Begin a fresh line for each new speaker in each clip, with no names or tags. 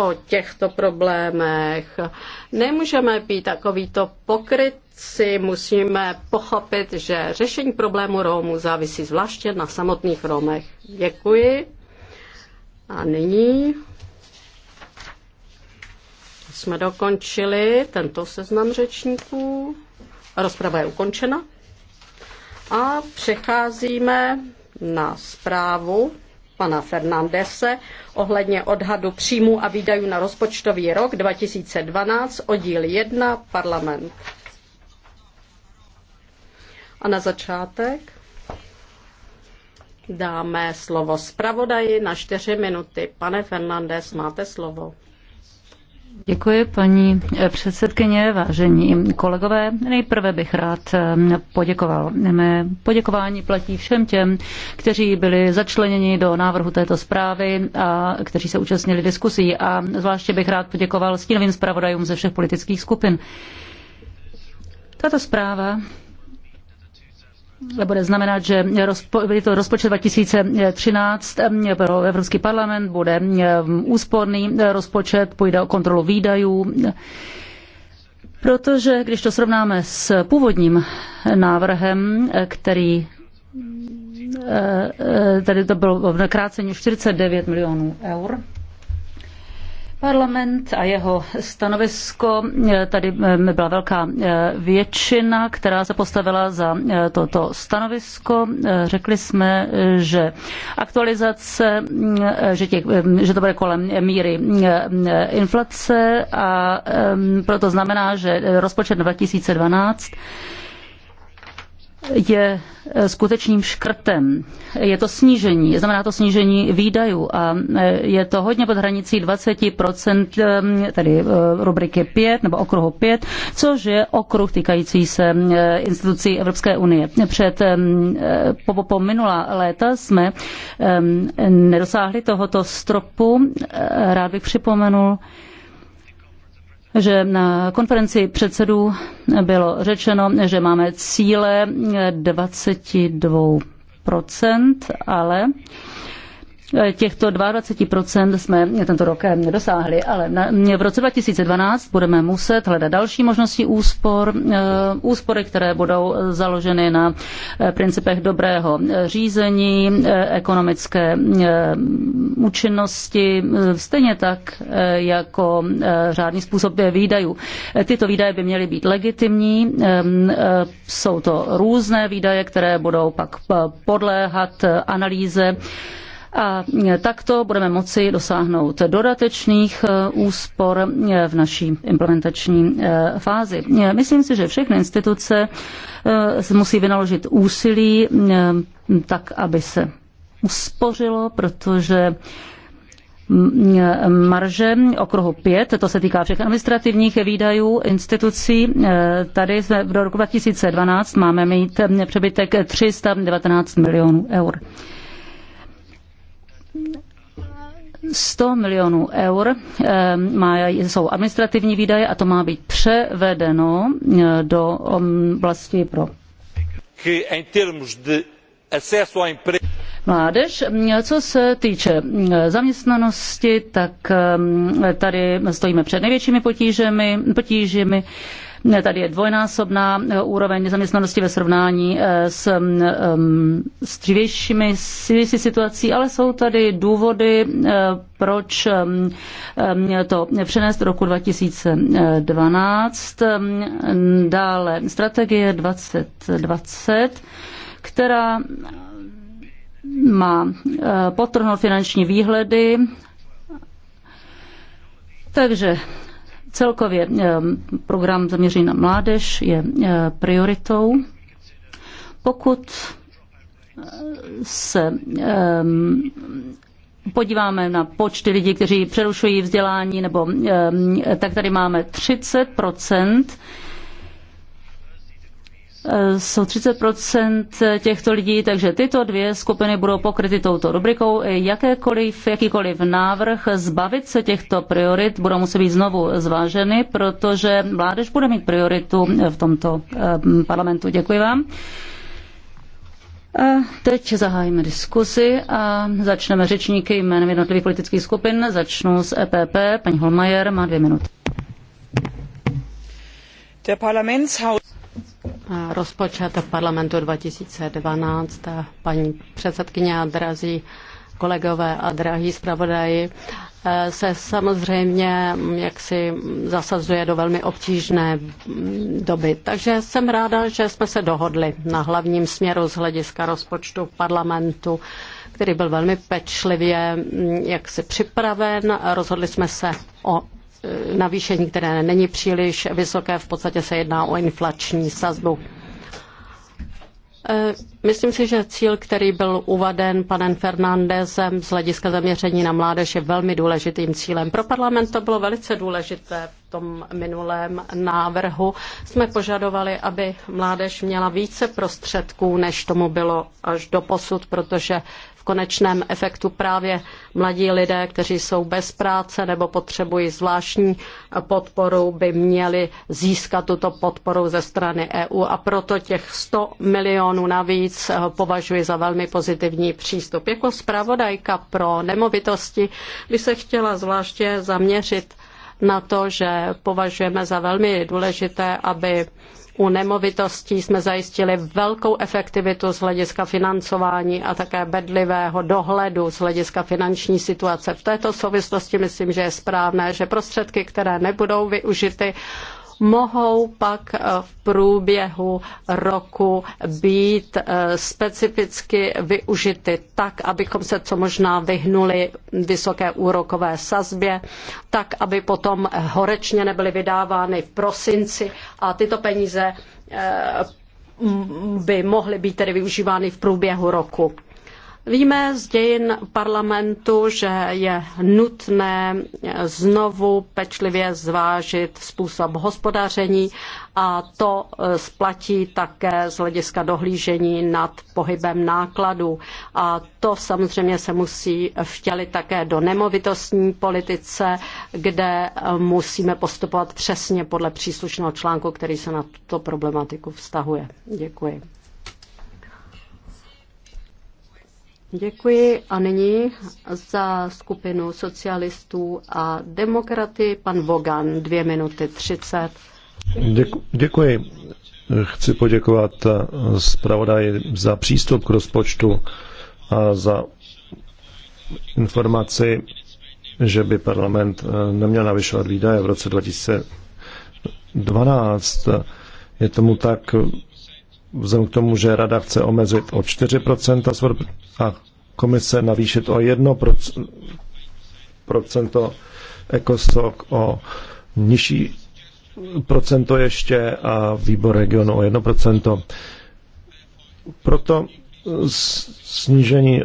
o těchto problémech. Nemůžeme být takovýto si musíme pochopit, že řešení problému Rómu závisí zvláště na samotných Rómech. Děkuji. A nyní jsme dokončili tento seznam řečníků. Rozprava je ukončena. A přecházíme na zprávu pana Fernandese ohledně odhadu příjmů a výdajů na rozpočtový rok 2012, oddíl 1, parlament. A na začátek dáme slovo zpravodaji na čtyři minuty. Pane Fernandez, máte slovo.
Děkuji, paní eh, předsedkyně, vážení kolegové. Nejprve bych rád eh, poděkoval. Mé poděkování platí všem těm, kteří byli začleněni do návrhu této zprávy a kteří se účastnili diskusí. A zvláště bych rád poděkoval stínovým zpravodajům ze všech politických skupin. Tato zpráva bude znamenat, že rozpo, to rozpočet 2013 pro Evropský parlament bude úsporný rozpočet, půjde o kontrolu výdajů. Protože když to srovnáme s původním návrhem, který e, e, tady to bylo v nakrácení 49 milionů eur, Parlament a jeho stanovisko, tady eh, byla velká eh, většina, která se postavila za eh, toto stanovisko. Řekli jsme, že aktualizace, že, těch, že to bude kolem míry inflace a proto znamená, že rozpočet 2012 je eh, skutečným škrtem. Je to snížení, znamená to snížení výdajů a eh, je to hodně pod hranicí 20%, eh, tedy rubriky 5 nebo okruhu 5, což je okruh týkající se institucí Evropské unie. Před po, po minulá léta jsme nedosáhli tohoto stropu. Rád bych připomenul, že na konferenci předsedů bylo řečeno, že máme cíle 22 ale těchto 22% jsme tento rok nedosáhli, ale na, v roce 2012 budeme muset hledat další možnosti úspor, eh, úspory, které budou založeny na eh, principech dobrého eh, řízení, ekonomické účinnosti, stejně tak jako řádný způsob výdajů. Tyto výdaje by měly být legitimní, jsou to různé výdaje, které budou pak podléhat analýze a takto budeme moci dosáhnout dodatečných eh, úspor eh, v naší implementační eh, fázi. Myslím si, že všechny instituce musí vynaložit úsilí tak, aby se uspořilo, protože mm, marže okruhu 5, to se týká všech administrativních výdajů institucí. Tady jsme v roku 2012 máme mít přebytek 319 milionů eur. 100 milionů eur eh, má, jsou administrativní výdaje a to má být převedeno eh, do oblasti um, pro mládež. Co se týče eh, zaměstnanosti, tak tady stojíme před největšími potížemi. potížemi Tady je dvojnásobná eh, úroveň nezaměstnanosti ve srovnání eh, s, mm, eh, s dřívějšími situací, ale jsou tady důvody, proč mm, to přenést roku 2012. Mm, dále strategie 2020, která má potrhnout finanční výhledy. Takže Celkově eh, program zaměřený na mládež je eh, prioritou. Pokud eh, se podíváme na počty lidí, kteří přerušují vzdělání, nebo tak tady máme 30 Eh, jsou 30 těchto lidí, takže tyto dvě skupiny budou pokryty touto rubrikou. Eh, jakékoliv, jakýkoliv návrh zbavit se těchto priorit budou muset být znovu zváženy, protože mládež bude mít prioritu eh, v tomto parlamentu. Děkuji vám. A teď zahájíme diskusi a začneme řečníky jménem jednotlivých politických skupin. Začnu s EPP. Paní Holmajer má dvě minuty.
Der Parlamentshaus
rozpočet parlamentu 2012. Paní předsedkyně a drazí kolegové a drahí zpravodaji se samozřejmě jaksi zasazuje do velmi obtížné doby. Takže jsem ráda, že jsme se dohodli na hlavním směru z hlediska rozpočtu parlamentu, který byl velmi pečlivě mm, jaksi připraven. Rozhodli jsme se o navýšení, které není příliš vysoké, v podstatě se jedná o inflační sazbu. Eh, myslím si, že cíl, který byl uvaden panem Fernandezem z hlediska zaměření na mládež, je velmi důležitým cílem. Pro parlament to bylo velice důležité v tom minulém návrhu. Jsme požadovali, aby mládež měla více prostředků, než tomu bylo až do posud, protože konečném efektu právě mladí lidé, kteří jsou bez práce nebo potřebují zvláštní podporu, by měli získat tuto podporu ze strany EU a proto těch 100 milionů navíc považuji za velmi pozitivní přístup. Jako zpravodajka pro nemovitosti by se chtěla zvláště zaměřit na to, že považujeme za velmi důležité, aby u nemovitostí jsme zajistili velkou efektivitu z hlediska financování a také bedlivého dohledu z hlediska finanční situace. V této souvislosti myslím, že je správné, že prostředky, které nebudou využity, mohou pak eh, v průběhu roku být eh, specificky využity tak, abychom se co možná vyhnuli vysoké úrokové sazbě, tak, aby potom horečně nebyly vydávány v prosinci a tyto peníze eh, by mohly být tedy využívány v průběhu roku. Víme z dějin parlamentu, že je nutné znovu pečlivě zvážit způsob hospodaření a to eh, splatí také z hlediska dohlížení nad pohybem nákladů. A to samozřejmě se musí vtělit také do nemovitostní politice, kde eh, musíme postupovat přesně podle příslušného článku, který se na tuto problematiku vztahuje. Děkuji. Děkuji a nyní za skupinu socialistů a demokraty pan Vogan, dvě minuty třicet.
Děkuji. Děkuji. Chci poděkovat zpravodaji za přístup k rozpočtu a za informaci, že by parlament eh, neměl navyšovat výdaje v roce 2012. Je tomu tak vzhledem k tomu, že rada chce omezit o 4% a komise navýšit o 1% ekosok o nižší procento ještě a výbor regionu o 1%. Proto snížení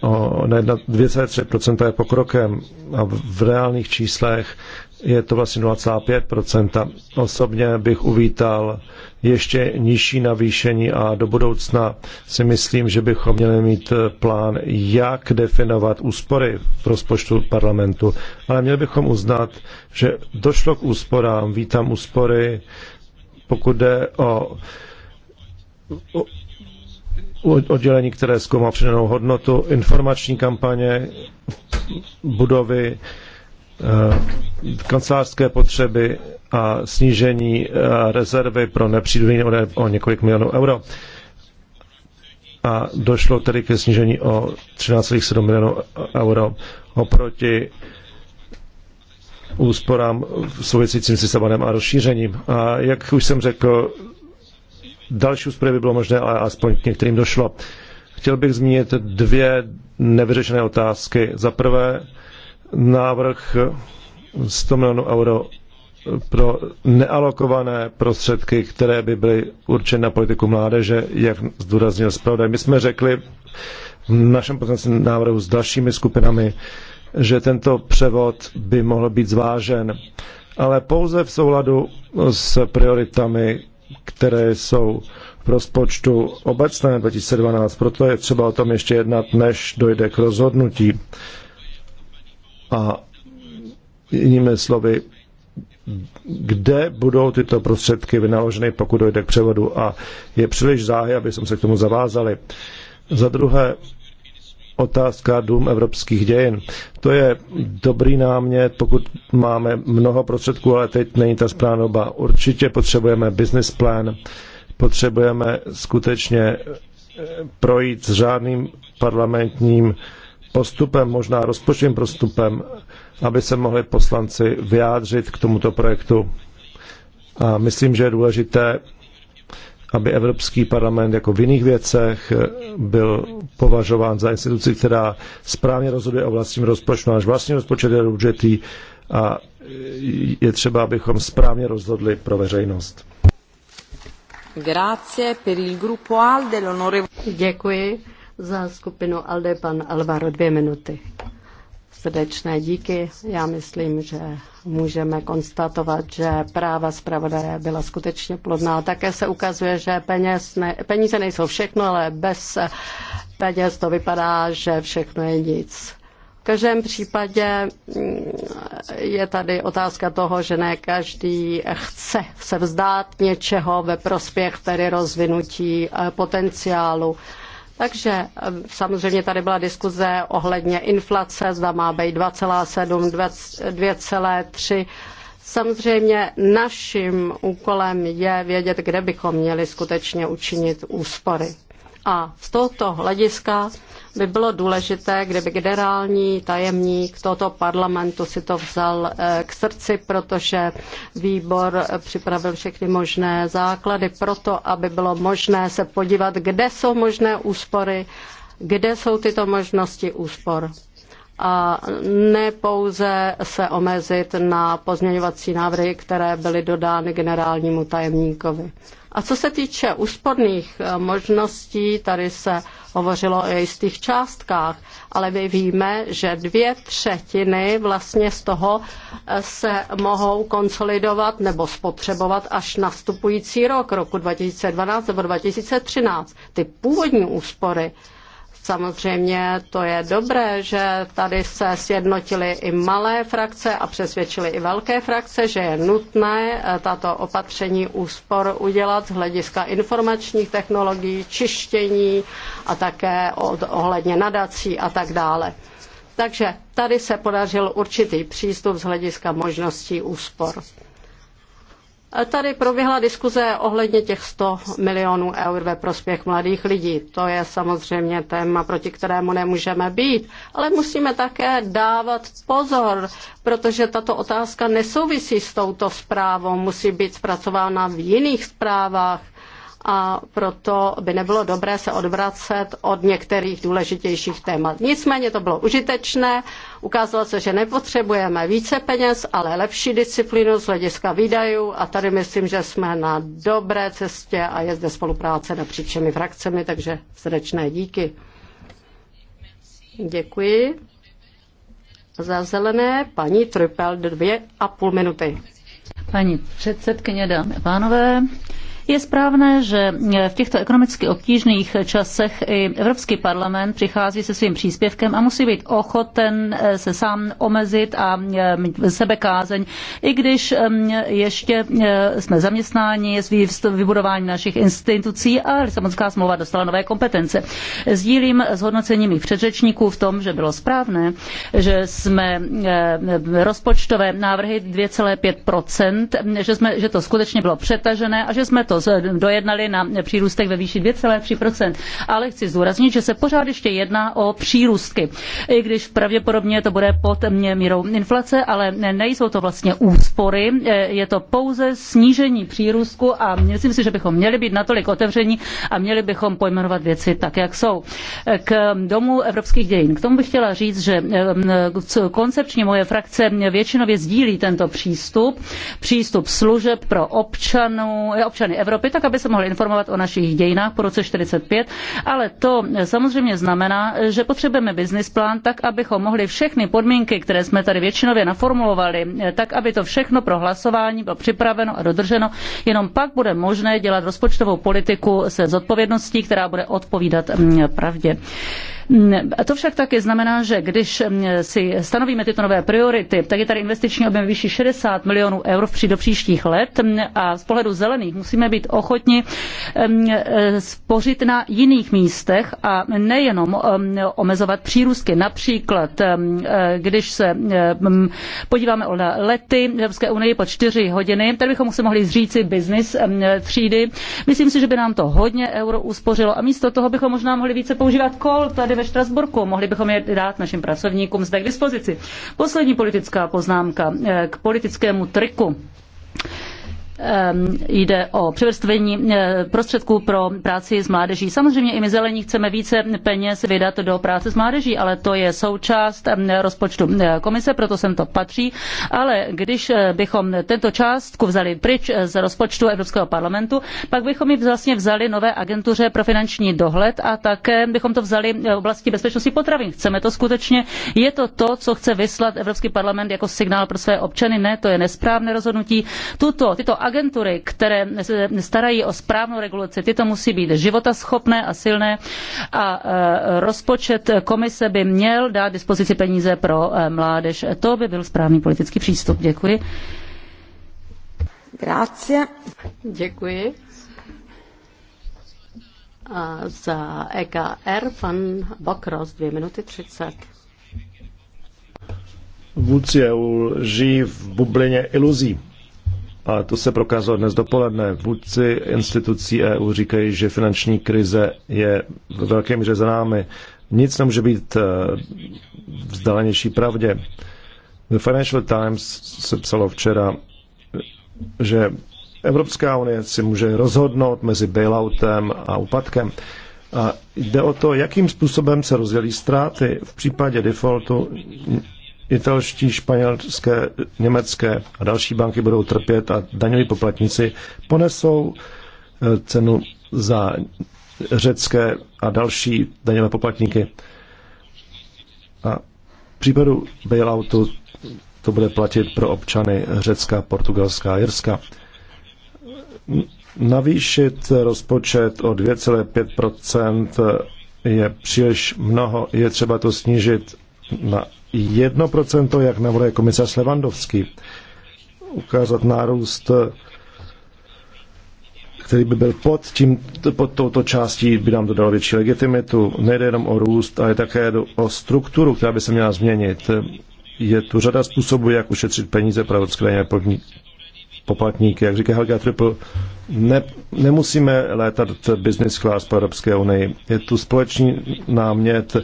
o 2,3% je pokrokem a v reálných číslech je to vlastně 0,5%. Osobně bych uvítal ještě nižší navýšení a do budoucna si myslím, že bychom měli mít plán, jak definovat úspory v rozpočtu parlamentu. Ale měli bychom uznat, že došlo k úsporám, vítám úspory, pokud jde o, o oddělení, které zkoumá přidanou hodnotu, informační kampaně, budovy, Eh, kancelářské potřeby a snížení eh, rezervy pro nepřídujení o několik milionů euro. A došlo tedy ke snížení o 13,7 milionů euro oproti úsporám souvisícím s Lisabonem a rozšířením. A jak už jsem řekl, další úspory by bylo možné, ale aspoň k některým došlo. Chtěl bych zmínit dvě nevyřešené otázky. Za prvé, návrh 100 milionů euro pro nealokované prostředky, které by byly určeny na politiku mládeže, jak zdůraznil zpravodaj. My jsme řekli v našem potenciálním návrhu s dalšími skupinami, že tento převod by mohl být zvážen, ale pouze v souladu s prioritami, které jsou v rozpočtu obecné 2012. Proto je třeba o tom ještě jednat, než dojde k rozhodnutí. A jinými slovy, kde budou tyto prostředky vynaloženy, pokud dojde k převodu a je příliš záhy, aby jsme se k tomu zavázali. Za druhé, otázka Dům evropských dějin. To je dobrý námět, pokud máme mnoho prostředků, ale teď není ta správná doba. Určitě potřebujeme business plan, potřebujeme skutečně projít s řádným parlamentním postupem, možná rozpočtovým postupem, aby se mohli poslanci vyjádřit k tomuto projektu. A myslím, že je důležité, aby Evropský parlament jako v jiných věcech byl považován za instituci, která správně rozhoduje o vlastním rozpočtu. Náš vlastní rozpočet je důležitý a je třeba, abychom správně rozhodli pro veřejnost.
Grazie per il gruppo Alde, l'onorevole. Děkuji za skupinu ALDE pan Alvaro dvě minuty. Srdečné díky. Já myslím, že můžeme konstatovat, že práva zpravodaje byla skutečně plodná. Také se ukazuje, že peněz ne, peníze nejsou všechno, ale bez peněz to vypadá, že všechno je nic. V každém případě mm, je tady otázka toho, že ne každý chce se vzdát něčeho ve prospěch tedy rozvinutí eh, potenciálu takže eh, samozřejmě tady byla diskuze ohledně inflace, zda má být 2,7, 2,3. Samozřejmě naším úkolem je vědět, kde bychom měli skutečně učinit úspory. A z tohoto hlediska by bylo důležité, kdyby generální tajemník tohoto parlamentu si to vzal eh, k srdci, protože výbor připravil všechny možné základy pro to, aby bylo možné se podívat, kde jsou možné úspory, kde jsou tyto možnosti úspor a ne pouze se omezit na pozměňovací návrhy, které byly dodány generálnímu tajemníkovi. A co se týče úsporných eh, možností, tady se hovořilo o jistých částkách, ale my víme, že dvě třetiny vlastně z toho eh, se mohou konsolidovat nebo spotřebovat až nastupující rok, roku 2012 nebo 2013. Ty původní úspory Samozřejmě to je dobré, že tady se sjednotily i malé frakce a přesvědčily i velké frakce, že je nutné eh, tato opatření úspor udělat z hlediska informačních technologií, čištění a také ohledně nadací a tak dále. Takže tady se podařil určitý přístup z hlediska možností úspor. Tady proběhla diskuze ohledně těch 100 milionů eur ve prospěch mladých lidí. To je samozřejmě téma, proti kterému nemůžeme být, ale musíme také dávat pozor, protože tato otázka nesouvisí s touto zprávou, musí být zpracována v jiných zprávách a proto by nebylo dobré se odvracet od některých důležitějších témat. Nicméně to bylo užitečné, ukázalo se, že nepotřebujeme více peněz, ale lepší disciplínu z hlediska výdajů a tady myslím, že jsme na dobré cestě a je zde spolupráce napříč všemi frakcemi, takže srdečné díky. Děkuji. Za zelené paní Trypel dvě
a půl minuty. Paní předsedkyně, dámy a pánové, je správné, že v těchto ekonomicky obtížných časech i Evropský parlament přichází se svým příspěvkem a musí být ochoten eh, se sám omezit a eh, sebekázeň, i když ehm, ještě eh, jsme zaměstnáni s vybudování našich institucí a Lisabonská smlouva dostala nové kompetence. Sdílím s hodnocením mých předřečníků v tom, že bylo správné, že jsme rozpočtové návrhy 2,5%, že, jsme, že to skutečně bylo přetažené a že jsme to dojednali na přírůstek ve výši 2,3%, ale chci zdůraznit, že se pořád ještě jedná o přírůstky, i když pravděpodobně to bude pod mírou inflace, ale nejsou to vlastně úspory, e, je to pouze snížení přírůstku a myslím si, že bychom měli být natolik otevření a měli bychom pojmenovat věci tak, jak jsou. E, k Domu evropských dějin. K tomu bych chtěla říct, že e, koncepčně moje frakce většinově sdílí tento přístup, přístup služeb pro občanů, občany Evropy, Evropy, tak aby se mohli informovat o našich dějinách po roce 45, ale to samozřejmě znamená, že potřebujeme business plán tak, abychom mohli všechny podmínky, které jsme tady většinově naformulovali, tak, aby to všechno pro hlasování bylo připraveno a dodrženo. Jenom pak bude možné dělat rozpočtovou politiku se zodpovědností, která bude odpovídat mm, pravdě. Mm, to však také znamená, že když mm, si stanovíme tyto nové priority, tak je tady investiční objem vyšší 60 milionů eur do příštích let mm, a z pohledu zelených musíme být ochotni spořit na jiných místech a nejenom omezovat přírůstky. Například, eh, když se podíváme na lety v Evropské unii po čtyři hodiny, tady bychom si mohli zříci business třídy. Myslím si, že by nám to hodně euro uspořilo a místo toho bychom možná mohli více používat kol tady ve Štrasburku. Mohli bychom je dát našim pracovníkům zde k dispozici. Poslední politická poznámka eh, k politickému triku Ehm, jde o převrstvení eh, prostředků pro práci s mládeží. Samozřejmě i my zelení chceme více peněz vydat do práce s mládeží, ale to je součást ehm, rozpočtu eh, komise, proto sem to patří. Ale když eh, bychom tento částku vzali pryč z rozpočtu Evropského parlamentu, pak bychom ji vlastně vzali nové agentuře pro finanční dohled a také bychom to vzali v oblasti bezpečnosti potravin. Chceme to skutečně? Je to to, co chce vyslat Evropský parlament jako signál pro své občany? Ne, to je nesprávné rozhodnutí. Tuto, tyto agentury, které se starají o správnou regulaci, tyto musí být životaschopné a silné a e, rozpočet komise by měl dát dispozici peníze pro e, mládež. To by byl správný politický přístup. Děkuji. Grazie. Děkuji.
A za EKR pan Bokros, dvě minuty třicet.
Vůdci EU žijí v bublině iluzí ale to se prokázalo dnes dopoledne. Vůdci institucí EU říkají, že finanční krize je v velké míře za námi. Nic nemůže být eh, vzdálenější pravdě. The Financial Times se psalo včera, že Evropská unie si může rozhodnout mezi bailoutem a úpadkem. A jde o to, jakým způsobem se rozdělí ztráty. V případě defaultu italští, španělské, německé a další banky budou trpět a daňoví poplatníci ponesou eh, cenu za řecké a další daňové poplatníky. A v případu bailoutu to bude platit pro občany Řecka, Portugalska a Jirska. Navýšit rozpočet o 2,5 je příliš mnoho, je třeba to snížit na 1%, jak navrhuje komisař Levandovský. Ukázat nárůst, který by byl pod, tím, pod touto částí, by nám dodalo větší legitimitu. Nejde jenom o růst, ale také o strukturu, která by se měla změnit. Je tu řada způsobů, jak ušetřit peníze pro evropské poplatníky. Jak říká Helga Triple, ne, nemusíme létat business class po Evropské unii. Je tu společný námět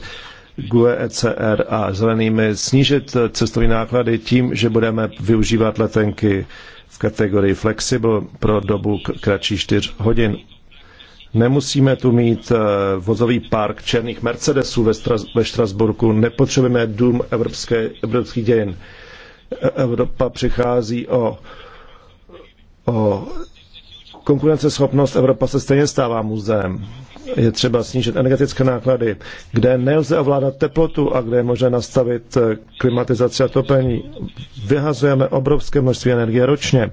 GUE, ECR a zelenými snížit cestovní náklady tím, že budeme využívat letenky v kategorii flexible pro dobu kratší 4 hodin. Nemusíme tu mít eh, vozový park černých Mercedesů ve, Stras- ve Štrasburku, nepotřebujeme dům evropské, evropských dějin. E, Evropa přichází o, o Konkurenceschopnost Evropa se stejně stává muzeem. Je třeba snížit energetické náklady, kde nelze ovládat teplotu a kde je možné nastavit eh, klimatizaci a topení. Vyhazujeme obrovské množství energie ročně.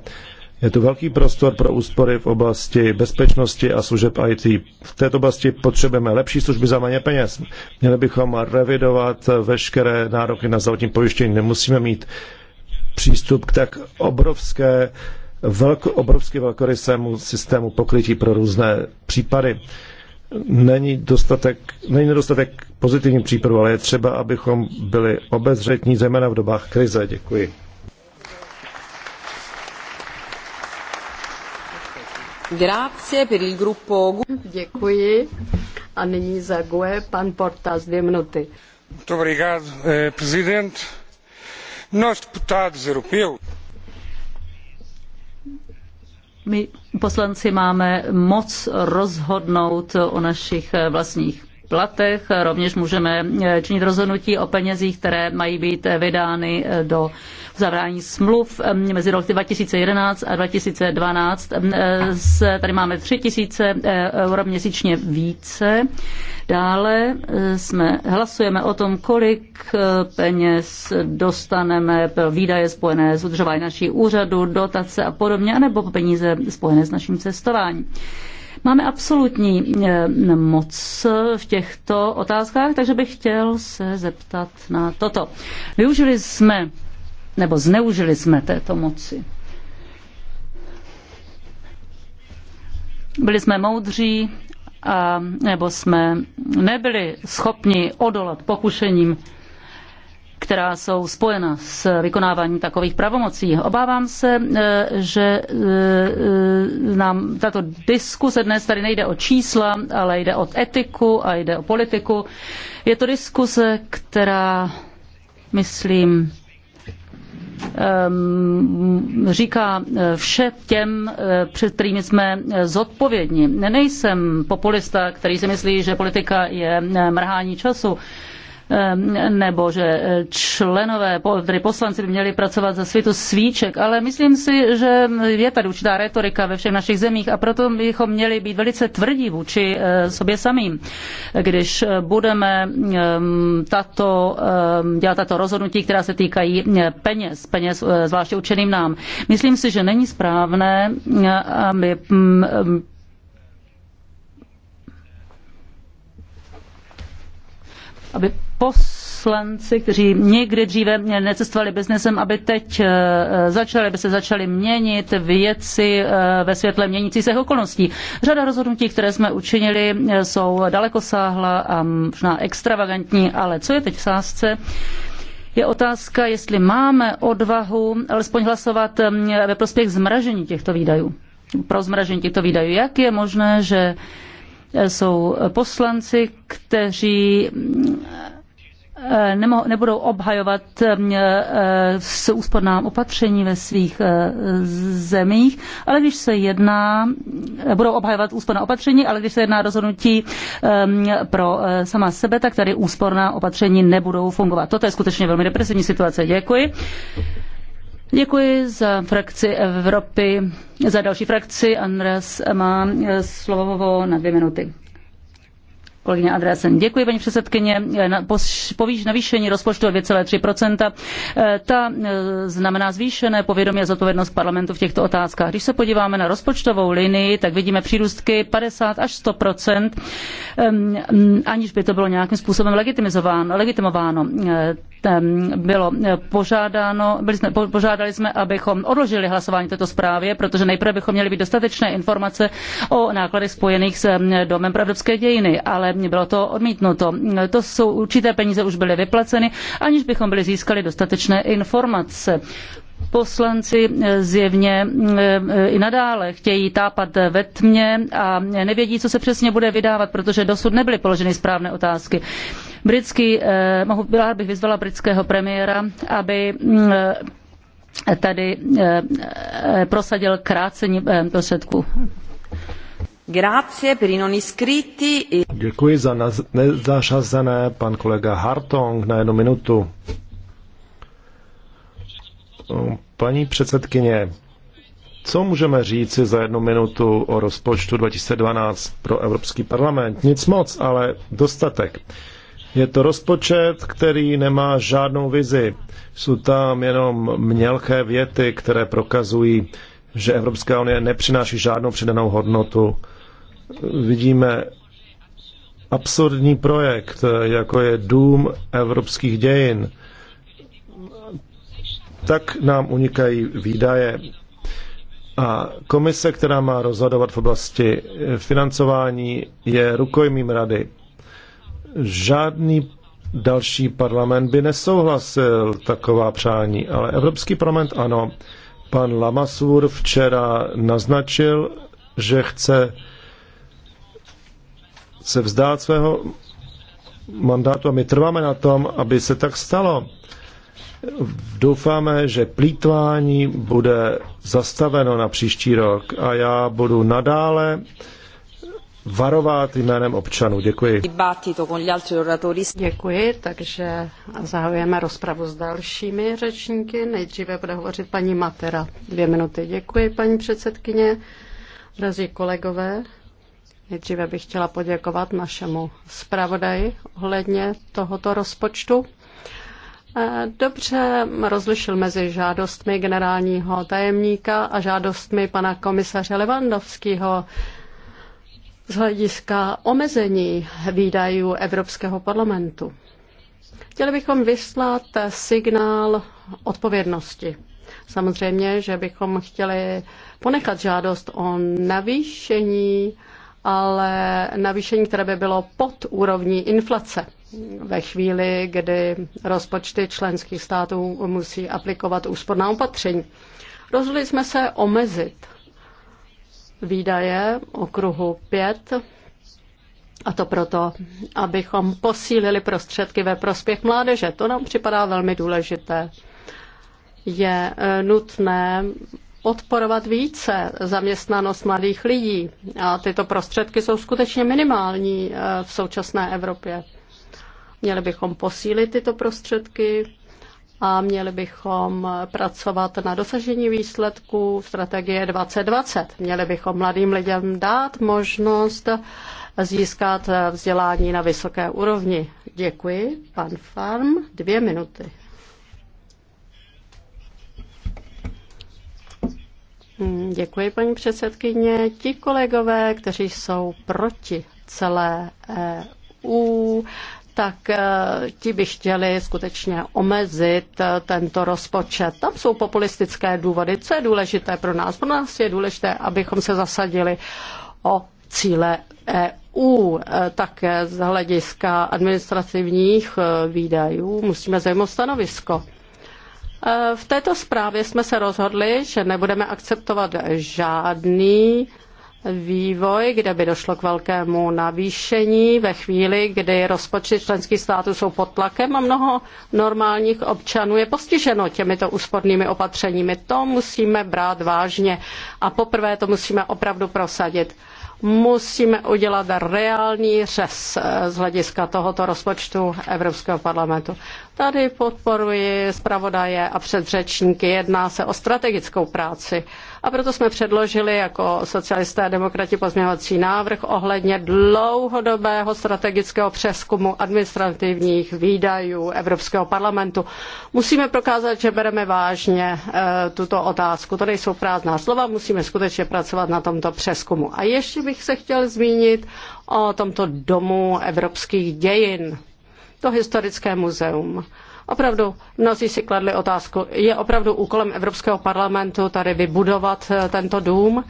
Je tu velký prostor pro úspory v oblasti bezpečnosti a služeb IT. V této oblasti potřebujeme lepší služby za méně peněz. Měli bychom revidovat veškeré nároky na zdravotní pojištění. Nemusíme mít přístup k tak obrovské velk, obrovsky velkorysému systému pokrytí pro různé případy. Není, dostatek, není nedostatek pozitivních případů, ale je třeba, abychom byli obezřetní, zejména v dobách krize. Děkuji.
Děkuji. A nyní za GUE pan Portas, dvě minuty.
Dobrý den, eh, presidente. Nós, deputados europeus,
my poslanci máme moc rozhodnout o našich vlastních platech. Rovněž můžeme činit rozhodnutí o penězích, které mají být vydány do zavrání smluv mezi roky 2011 a 2012. E, tady máme 3 tisíce e, euro měsíčně více. Dále e, jsme, hlasujeme o tom, kolik peněz dostaneme pro výdaje spojené s udržováním naší úřadu, dotace a podobně, anebo peníze spojené s naším cestováním. Máme absolutní moc v těchto otázkách, takže bych chtěl se zeptat na toto. Využili jsme nebo zneužili jsme této moci. Byli jsme moudří, a, nebo jsme nebyli schopni odolat pokušením, která jsou spojena s vykonáváním takových pravomocí. Obávám se, e, že e, nám tato diskuse dnes tady nejde o čísla, ale jde o etiku a jde o politiku. Je to diskuse, která, myslím, Ehm, říká eh, vše těm, eh, před kterými jsme eh, zodpovědní. Nejsem populista, který si myslí, že politika je mrhání času. Ehm, nebo že eh, členové, tedy poslanci by měli pracovat za světu svíček, ale myslím si, že je tady určitá retorika ve všech našich zemích a proto bychom měli být velice tvrdí vůči eh, sobě samým, když eh, budeme ehm, tato, ehm, dělat tato rozhodnutí, která se týkají peněz, peněz zvláště učeným nám. Myslím si, že není správné, aby mm, aby poslanci, kteří někdy dříve necestovali biznesem, aby teď eh, začali, aby se začali měnit věci eh, ve světle měnící se okolností. Řada rozhodnutí, které jsme učinili, eh, jsou dalekosáhla a možná extravagantní, ale co je teď v sázce? je otázka, jestli máme odvahu alespoň hlasovat ve prospěch zmražení těchto výdajů. Pro zmražení těchto výdajů. Jak je možné, že jsou poslanci, kteří Eh, nebudou obhajovat ehm, eh, s úsporná opatření ve svých eh, zemích, ale když se jedná, budou obhajovat úsporná opatření, ale když se jedná rozhodnutí ehm, pro sama sebe, tak tady úsporná opatření nebudou fungovat. Toto je skutečně velmi depresivní situace. Děkuji. Děkuji za frakci Evropy, za další frakci. Andres má slovo na dvě minuty. Kolegyně Andreasen, děkuji paní předsedkyně. Eh, povíž navýšení rozpočtu o 2,3 eh, ta eh, znamená zvýšené povědomí a zodpovědnost parlamentu v těchto otázkách. Když se podíváme na rozpočtovou linii, tak vidíme přírůstky 50 až 100 ehm, aniž by to bylo nějakým způsobem legitimizováno. legitimováno. Ehm, bylo eh, požádáno, byli jsme, požádali jsme, abychom odložili hlasování této zprávě, protože nejprve bychom měli být dostatečné informace o nákladech spojených s ehm, Domem pro evropské dějiny, ale bylo to odmítnuto. To jsou určité peníze už byly vyplaceny, aniž bychom byli získali dostatečné informace poslanci eh, zjevně eh, i nadále chtějí tápat ve tmě a nevědí, co se přesně bude vydávat, protože dosud nebyly položeny správné otázky. Britský, eh, mohu, byla bych vyzvala britského premiéra, aby mm, tady eh, eh, prosadil krácení prostředků.
Děkuji za nezařazené, pan kolega Hartong, na jednu minutu. Paní předsedkyně, co můžeme říci za jednu minutu o rozpočtu 2012 pro Evropský parlament? Nic moc, ale dostatek. Je to rozpočet, který nemá žádnou vizi. Jsou tam jenom mělké věty, které prokazují, že Evropská unie nepřináší žádnou přidanou hodnotu. Vidíme absurdní projekt, jako je Dům evropských dějin. Tak nám unikají výdaje. A komise, která má rozhodovat v oblasti financování, je rukojmím rady žádný další parlament by nesouhlasil taková přání, ale Evropský parlament ano. Pan Lamasur včera naznačil, že chce se vzdát svého mandátu a my trváme na tom, aby se tak stalo. Doufáme, že plítvání bude zastaveno na příští rok a já budu nadále varovat jménem občanů. Děkuji.
Děkuji,
takže zahajujeme rozpravu s dalšími řečníky. Nejdříve bude hovořit paní Matera. Dvě minuty. Děkuji, paní předsedkyně. Drazí kolegové, nejdříve bych chtěla poděkovat našemu zpravodaji ohledně tohoto rozpočtu. Eh, dobře rozlišil mezi žádostmi generálního tajemníka a žádostmi pana komisaře Levandovského z hlediska omezení výdajů Evropského parlamentu. Chtěli bychom vyslat signál odpovědnosti. Samozřejmě, že bychom chtěli ponechat žádost o navýšení, ale navýšení, které by bylo pod úrovní inflace ve chvíli, kdy rozpočty členských států musí aplikovat úsporná opatření. Rozhodli jsme se omezit výdaje okruhu 5 a to proto, abychom posílili prostředky ve prospěch mládeže. To nám připadá velmi důležité. Je e, nutné podporovat více zaměstnanost mladých lidí a tyto prostředky jsou skutečně minimální e, v současné Evropě. Měli bychom posílit tyto prostředky a měli bychom pracovat na dosažení výsledků strategie 2020. Měli bychom mladým lidem dát možnost získat vzdělání na vysoké úrovni. Děkuji. Pan Farm, dvě minuty. Děkuji, paní předsedkyně. Ti kolegové, kteří jsou proti celé EU, tak eh, ti by chtěli skutečně omezit eh, tento rozpočet. Tam jsou populistické důvody. Co je důležité pro nás? Pro nás je důležité, abychom se zasadili o cíle EU. Eh, také z hlediska administrativních výdajů musíme zajmout stanovisko. V této zprávě jsme se rozhodli, že nebudeme akceptovat žádný vývoj, kde by došlo k velkému navýšení ve chvíli, kdy rozpočty členských států jsou pod tlakem a mnoho normálních občanů je postiženo těmito úspornými opatřeními. To musíme brát vážně a poprvé to musíme opravdu prosadit. Musíme udělat reálný řez eh, z hlediska tohoto rozpočtu Evropského parlamentu. Tady podporuji zpravodaje a předřečníky. Jedná se o strategickou práci a proto jsme předložili jako socialisté a demokrati pozměňovací návrh ohledně dlouhodobého strategického přeskumu administrativních výdajů Evropského parlamentu. Musíme prokázat, že bereme vážně eh, tuto otázku. To nejsou prázdná slova, musíme skutečně pracovat na tomto přeskumu. A ještě bych se chtěl zmínit o tomto domu evropských dějin. To historické muzeum. Opravdu mnozí si kladli otázku, je opravdu úkolem Evropského parlamentu tady vybudovat eh, tento dům?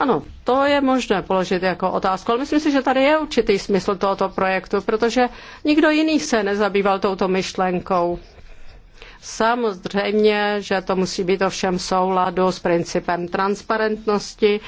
Ano, to je možné položit jako otázku, ale myslím si, že tady je určitý smysl tohoto projektu, protože nikdo jiný se nezabýval touto myšlenkou. Samozřejmě, že to musí být ovšem souladu s principem transparentnosti.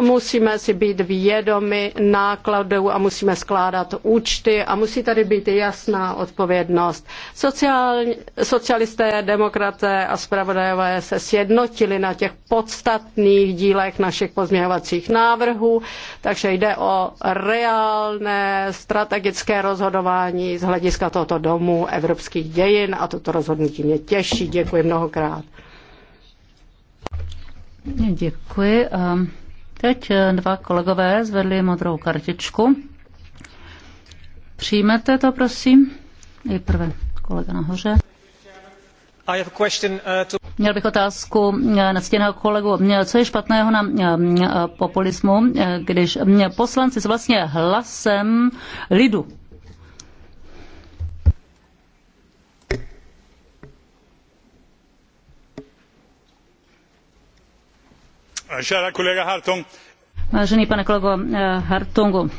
Musíme si být vědomi nákladů a musíme skládat účty a musí tady být jasná odpovědnost. Sociální, socialisté, demokraté a spravodajové se sjednotili na těch podstatných dílech našich pozměňovacích návrhů, takže jde o reálné strategické rozhodování z hlediska tohoto domu evropských dějin a toto rozhodnutí mě těší. Děkuji mnohokrát.
Děkuji. Ehm, teď eh, dva kolegové zvedli modrou kartičku. Přijmete to, prosím? Nejprve kolega nahoře.
Eh,
Měl bych otázku eh, na stěného kolegu. Co je špatného na populismu, když poslanci s vlastně hlasem lidu Vážený pane kolego eh, Hartongu,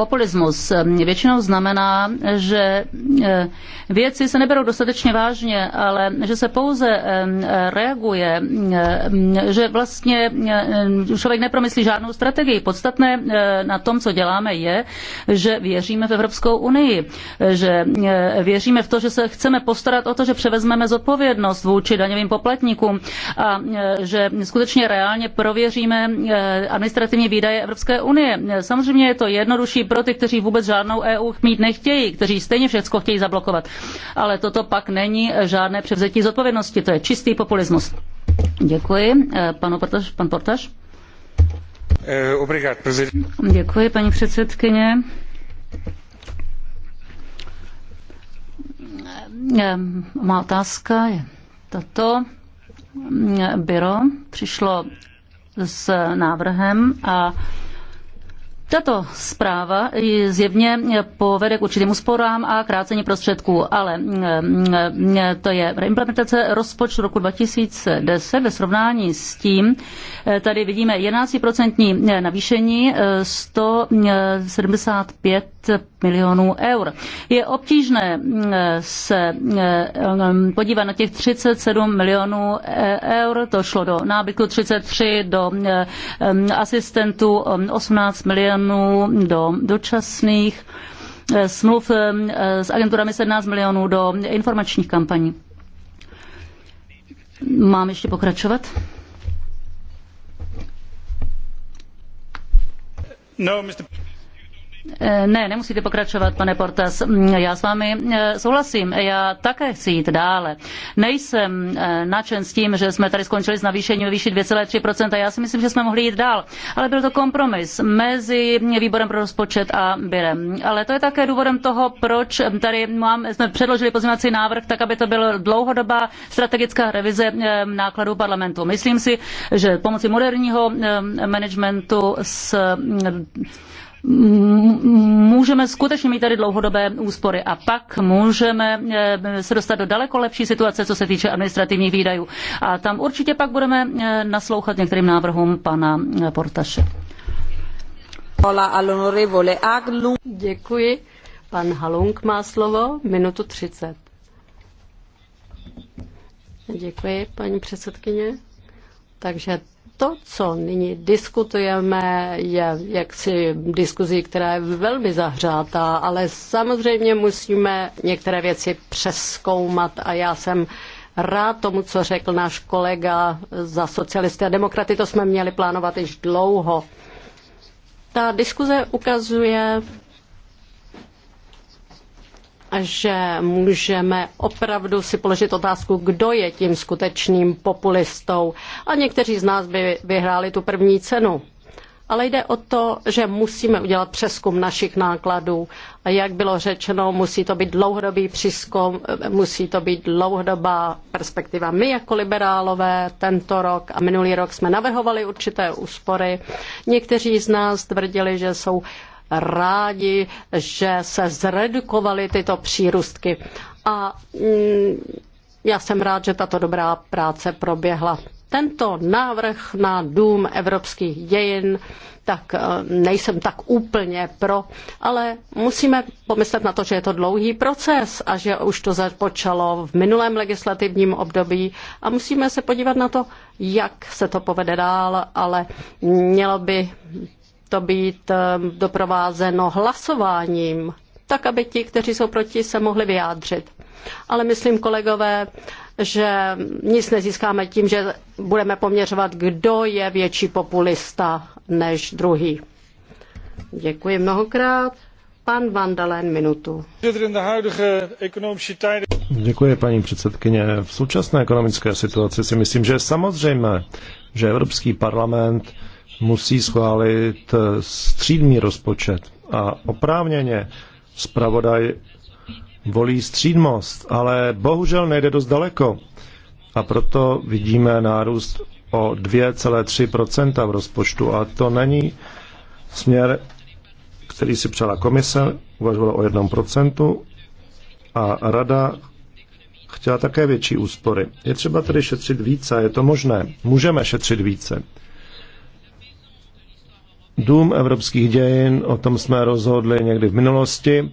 Populismus ehm, většinou znamená, že eh, věci se neberou dostatečně vážně, ale že se pouze ehm, reaguje, ehm, že vlastně člověk nepromyslí žádnou strategii. Podstatné eh, na tom, co děláme, je, že věříme v Evropskou unii, že eh, věříme v to, že se chceme postarat o to, že převezmeme zodpovědnost vůči daňovým poplatníkům a že skutečně reálně prověříme administrativní výdaje Evropské unie. Samozřejmě je to jednodušší pro ty, kteří vůbec žádnou EU mít nechtějí, kteří stejně všechno chtějí zablokovat. Ale toto pak není žádné převzetí zodpovědnosti, to je čistý populismus. Děkuji. Eh, panu Portaž, pan Portaž?
Eh,
Děkuji, paní předsedkyně. Eh, má otázka je tato. Byro přišlo s návrhem a tato zpráva zjevně povede k určitým úsporám a krácení prostředků, ale mm, mm, to je implementace rozpočtu roku 2010 ve srovnání s tím. Tady vidíme 11% navýšení 175 milionů eur. Je obtížné mm, se mm, mm, podívat na těch 37 milionů e, eur, to šlo do nábytku 33, do asistentů 18 milionů, do dočasných e, smluv e, s agenturami 17 milionů do informačních kampaní. Mám ještě pokračovat? No, Mr. Eh, ne, nemusíte pokračovat, pane Portas. Mm, já s vámi eh, souhlasím. Já také chci jít dále. Nejsem eh, nadšen s tím, že jsme tady skončili s navýšením ve výši 2,3%. Já si myslím, že jsme mohli jít dál. Ale byl to kompromis mezi výborem pro rozpočet a Birem. Ale to je také důvodem toho, proč tady mám, jsme předložili pozměňovací návrh, tak aby to byla dlouhodobá strategická revize nákladů parlamentu. Myslím si, že pomocí moderního managementu s mm, můžeme skutečně mít tady dlouhodobé úspory a pak můžeme eh, se dostat do daleko lepší situace, co se týče administrativních výdajů. A tam určitě pak budeme eh, naslouchat některým návrhům pana eh, Portaše.
Děkuji. Pan Halung má slovo, minutu 30. Děkuji, paní předsedkyně. Takže to, co nyní diskutujeme, je jaksi diskuzí, která je velmi zahřátá, ale samozřejmě musíme některé věci přeskoumat a já jsem rád tomu, co řekl náš kolega za socialisty a demokraty, to jsme měli plánovat již dlouho. Ta diskuze ukazuje že můžeme opravdu si položit otázku, kdo je tím skutečným populistou. A někteří z nás by vyhráli tu první cenu. Ale jde o to, že musíme udělat přeskum našich nákladů. A jak bylo řečeno, musí to být dlouhodobý přeskum, musí to být dlouhodobá perspektiva. My jako liberálové tento rok a minulý rok jsme navrhovali určité úspory. Někteří z nás tvrdili, že jsou rádi, že se zredukovaly tyto přírůstky. A mm, já jsem rád, že tato dobrá práce proběhla. Tento návrh na Dům evropských dějin, tak e, nejsem tak úplně pro, ale musíme pomyslet na to, že je to dlouhý proces a že už to započalo v minulém legislativním období a musíme se podívat na to, jak se to povede dál, ale mělo by to být ehm, doprovázeno hlasováním, tak aby ti, kteří jsou proti, se mohli vyjádřit. Ale myslím, kolegové, že nic nezískáme tím, že budeme poměřovat, kdo je větší populista než druhý. Děkuji mnohokrát. Pan Vandalen, minutu.
Děkuji, paní předsedkyně. V současné ekonomické situaci si myslím, že je samozřejmé, že Evropský parlament musí schválit eh, střídmý rozpočet. A oprávněně zpravodaj volí střídmost, ale bohužel nejde dost daleko. A proto vidíme nárůst o 2,3 v rozpočtu. A to není směr, který si přála komise, uvažovala o 1 a rada chtěla také větší úspory. Je třeba tedy šetřit více, je to možné. Můžeme šetřit více. Dům evropských dějin, o tom jsme rozhodli někdy v minulosti,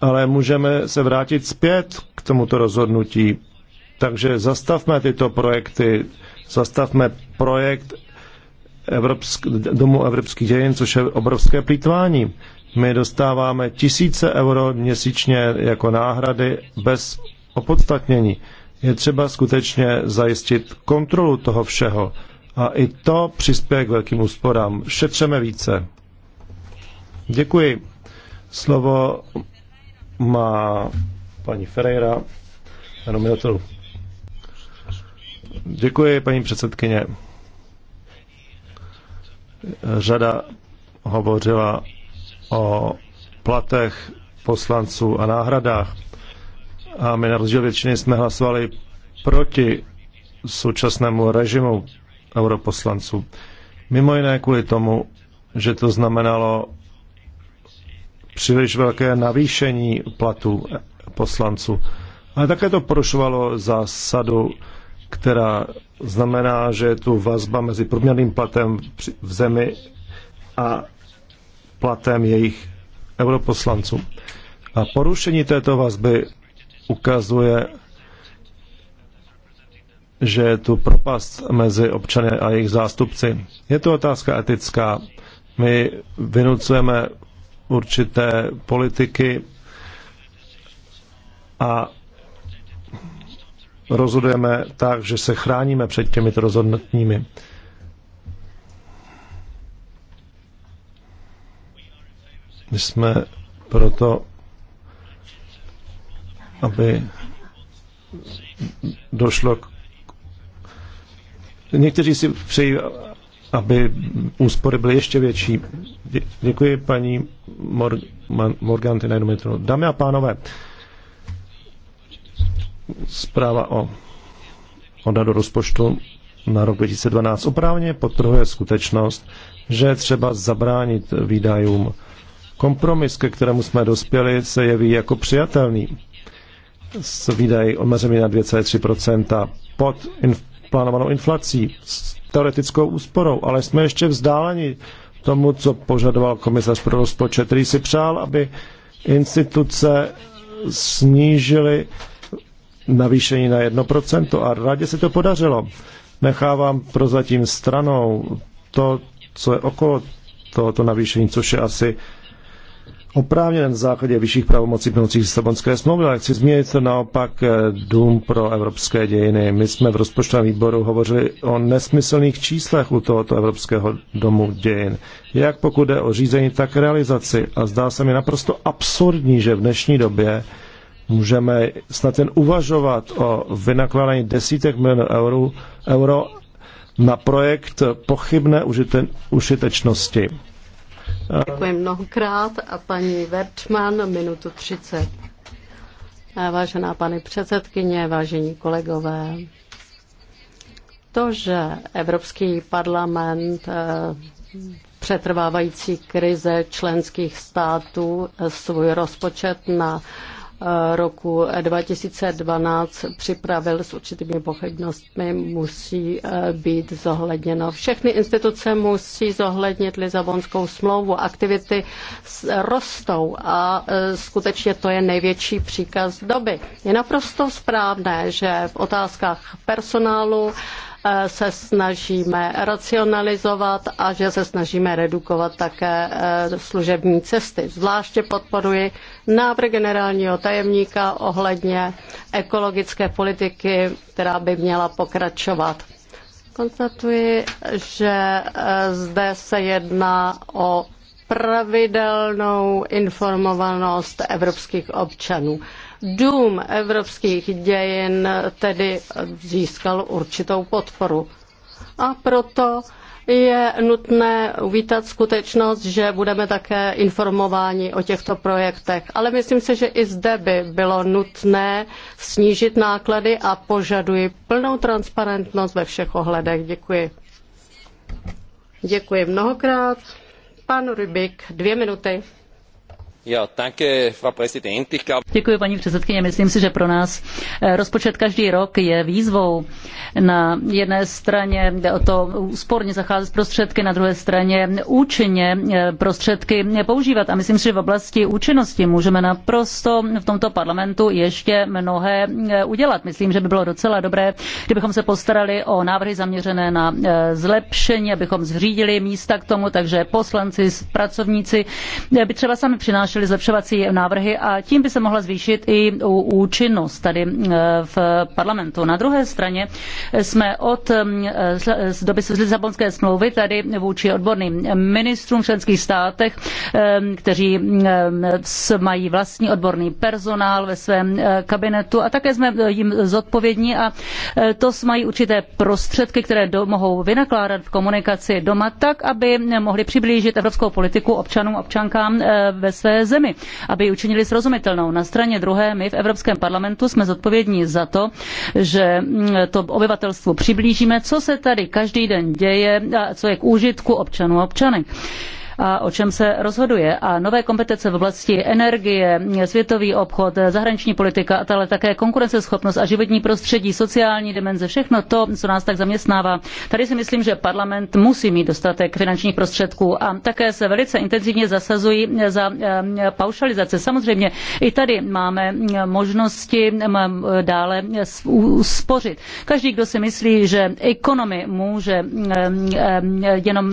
ale můžeme se vrátit zpět k tomuto rozhodnutí. Takže zastavme tyto projekty, zastavme projekt Evropsk, Domu evropských dějin, což je obrovské plítvání. My dostáváme tisíce euro měsíčně jako náhrady bez opodstatnění. Je třeba skutečně zajistit kontrolu toho všeho. A i to přispěje k velkým úsporám. Šetřeme více. Děkuji. Slovo má paní Ferreira. Jenom Děkuji, paní předsedkyně. Řada hovořila o platech poslanců a náhradách. A my na rozdíl většiny jsme hlasovali proti současnému režimu europoslanců. Mimo jiné kvůli tomu, že to znamenalo příliš velké navýšení platu poslanců. Ale také to porušovalo zásadu, která znamená, že je tu vazba mezi průměrným platem v zemi a platem jejich europoslanců. A porušení této vazby ukazuje že je tu propast mezi občany a jejich zástupci. Je to otázka etická. My vynucujeme určité politiky a rozhodujeme tak, že se chráníme před těmito rozhodnutními. My jsme proto, aby došlo k Někteří si přejí, aby úspory byly ještě větší. Děkuji paní Mor- Morgan, ty najednou Dámy a pánové, zpráva o odhadu rozpočtu na rok 2012 oprávně potrhuje skutečnost, že třeba zabránit výdajům. Kompromis, ke kterému jsme dospěli, se jeví jako přijatelný. S výdají omezený na 2,3% pod inf- plánovanou inflací, s teoretickou úsporou, ale jsme ještě vzdáleni tomu, co požadoval komisař pro rozpočet, který si přál, aby instituce snížily navýšení na 1% a radě se to podařilo. Nechávám prozatím stranou to, co je okolo tohoto navýšení, což je asi oprávněn na základě vyšších pravomocí plynoucích z Sabonské smlouvy, ale chci zmínit naopak eh, Dům pro evropské dějiny. My jsme v rozpočtovém výboru hovořili o nesmyslných číslech u tohoto Evropského domu dějin. Jak pokud jde o řízení, tak realizaci. A zdá se mi naprosto absurdní, že v dnešní době můžeme snad jen uvažovat o vynakládání desítek milionů euro, euro na projekt pochybné užitečnosti. Děkuji
mnohokrát a paní Vertman minutu 30. Vážená paní předsedkyně, vážení kolegové, to, že Evropský parlament eh, přetrvávající krize členských států eh, svůj rozpočet na roku 2012 připravil s určitými pochybnostmi, musí eh, být zohledněno. Všechny instituce musí zohlednit Lizabonskou smlouvu. Aktivity rostou a eh, skutečně to je největší příkaz doby. Je naprosto správné, že v otázkách personálu Eh, se snažíme racionalizovat a že se snažíme redukovat také eh, služební cesty. Zvláště podporuji návrh generálního tajemníka ohledně ekologické politiky, která by měla pokračovat. Konstatuji, že eh, zde se jedná o pravidelnou informovanost evropských občanů. Dům evropských dějin tedy získal určitou podporu. A proto je nutné uvítat skutečnost, že budeme také informováni o těchto projektech. Ale myslím si, že i zde by bylo nutné snížit náklady a požaduji plnou transparentnost ve všech ohledech. Děkuji. Děkuji mnohokrát. Pan Rybik, dvě minuty.
Děkuji, paní předsedkyně. Myslím si, že pro nás eh, rozpočet každý rok je výzvou. Na jedné straně to úsporně zacházet s prostředky, na druhé straně účinně eh, prostředky používat. A myslím si, že v oblasti účinnosti můžeme naprosto v tomto parlamentu ještě mnohé eh, udělat. Myslím, že by bylo docela dobré, kdybychom se postarali o návrhy zaměřené na zlepšení, abychom zřídili místa k tomu, takže poslanci, pracovníci by třeba sami přinášeli přinášely zlepšovací návrhy a tím by se mohla zvýšit i účinnost tady eh, v parlamentu. Na druhé straně jsme od mm, eh, z doby z Lisabonské smlouvy tady vůči odborným ministrům v členských státech, eh, kteří mm, mají vlastní odborný personál ve svém kabinetu a také jsme jim zodpovědní a to mají určité prostředky, které do, mohou vynakládat v komunikaci doma tak, aby mohli přiblížit evropskou politiku občanům a občankám ve své zemi, aby ji učinili srozumitelnou. Na straně druhé my v Evropském parlamentu jsme zodpovědní za to, že mm, to obyvatelstvu přiblížíme, co se tady každý den děje a co je k úžitku občanů a občanek a o čem se rozhoduje. A nové kompetence v oblasti energie, světový obchod, zahraniční politika, ale také konkurenceschopnost a životní prostředí, sociální dimenze, všechno to, co nás tak zaměstnává. Tady si myslím, že parlament musí mít dostatek finančních prostředků a také se velice intenzivně zasazují za eh, paušalizace. Samozřejmě i tady máme eh, možnosti eh, dále spořit. Každý, kdo si myslí, že ekonomi může jenom,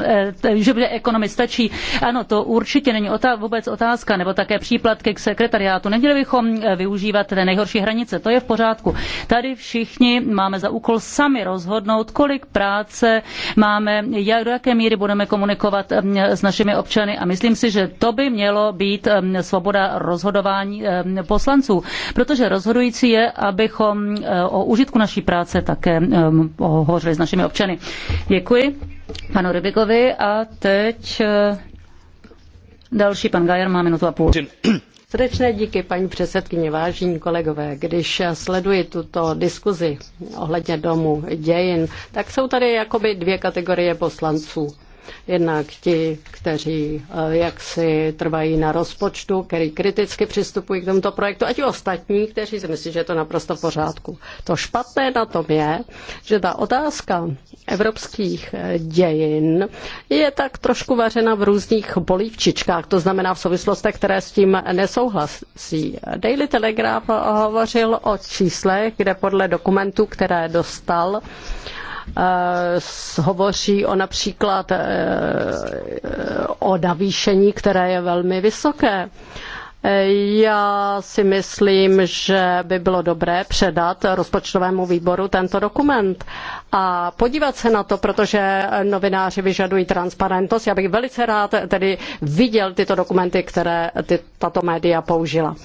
že ekonomi stačí ano, to určitě není otá- vůbec otázka, nebo také příplatky k sekretariátu. Neměli bychom eh, využívat té nejhorší hranice, to je v pořádku. Tady všichni máme za úkol sami rozhodnout, kolik práce máme, jak, do jaké míry budeme komunikovat eh, s našimi občany a myslím si, že to by mělo být eh, svoboda rozhodování poslanců, protože rozhodující je, abychom o užitku naší práce také hovořili s našimi občany. Děkuji panu Rybikovi a teď eh, další pan Gajer má minutu a půl. Srdečné díky, paní předsedkyně, vážení kolegové. Když
sleduji tuto diskuzi ohledně domu dějin, tak jsou tady jakoby dvě kategorie poslanců. Jednak ti, kteří eh, jaksi trvají na rozpočtu, který kriticky přistupují k tomuto projektu, a ti ostatní, kteří si myslí, že je to naprosto v pořádku. To špatné na tom je, že ta otázka evropských eh, dějin je tak trošku vařena v různých bolívčičkách, to znamená v souvislostech, které s tím nesouhlasí. Daily Telegraph hovořil o číslech, kde podle dokumentů, které dostal, Eh, hovoří o například eh, o navýšení, které je velmi vysoké. Já si myslím, že by bylo dobré předat rozpočtovému výboru tento dokument a podívat se na to, protože novináři vyžadují transparentnost. Já bych velice rád tedy viděl tyto dokumenty, které ty, tato média použila.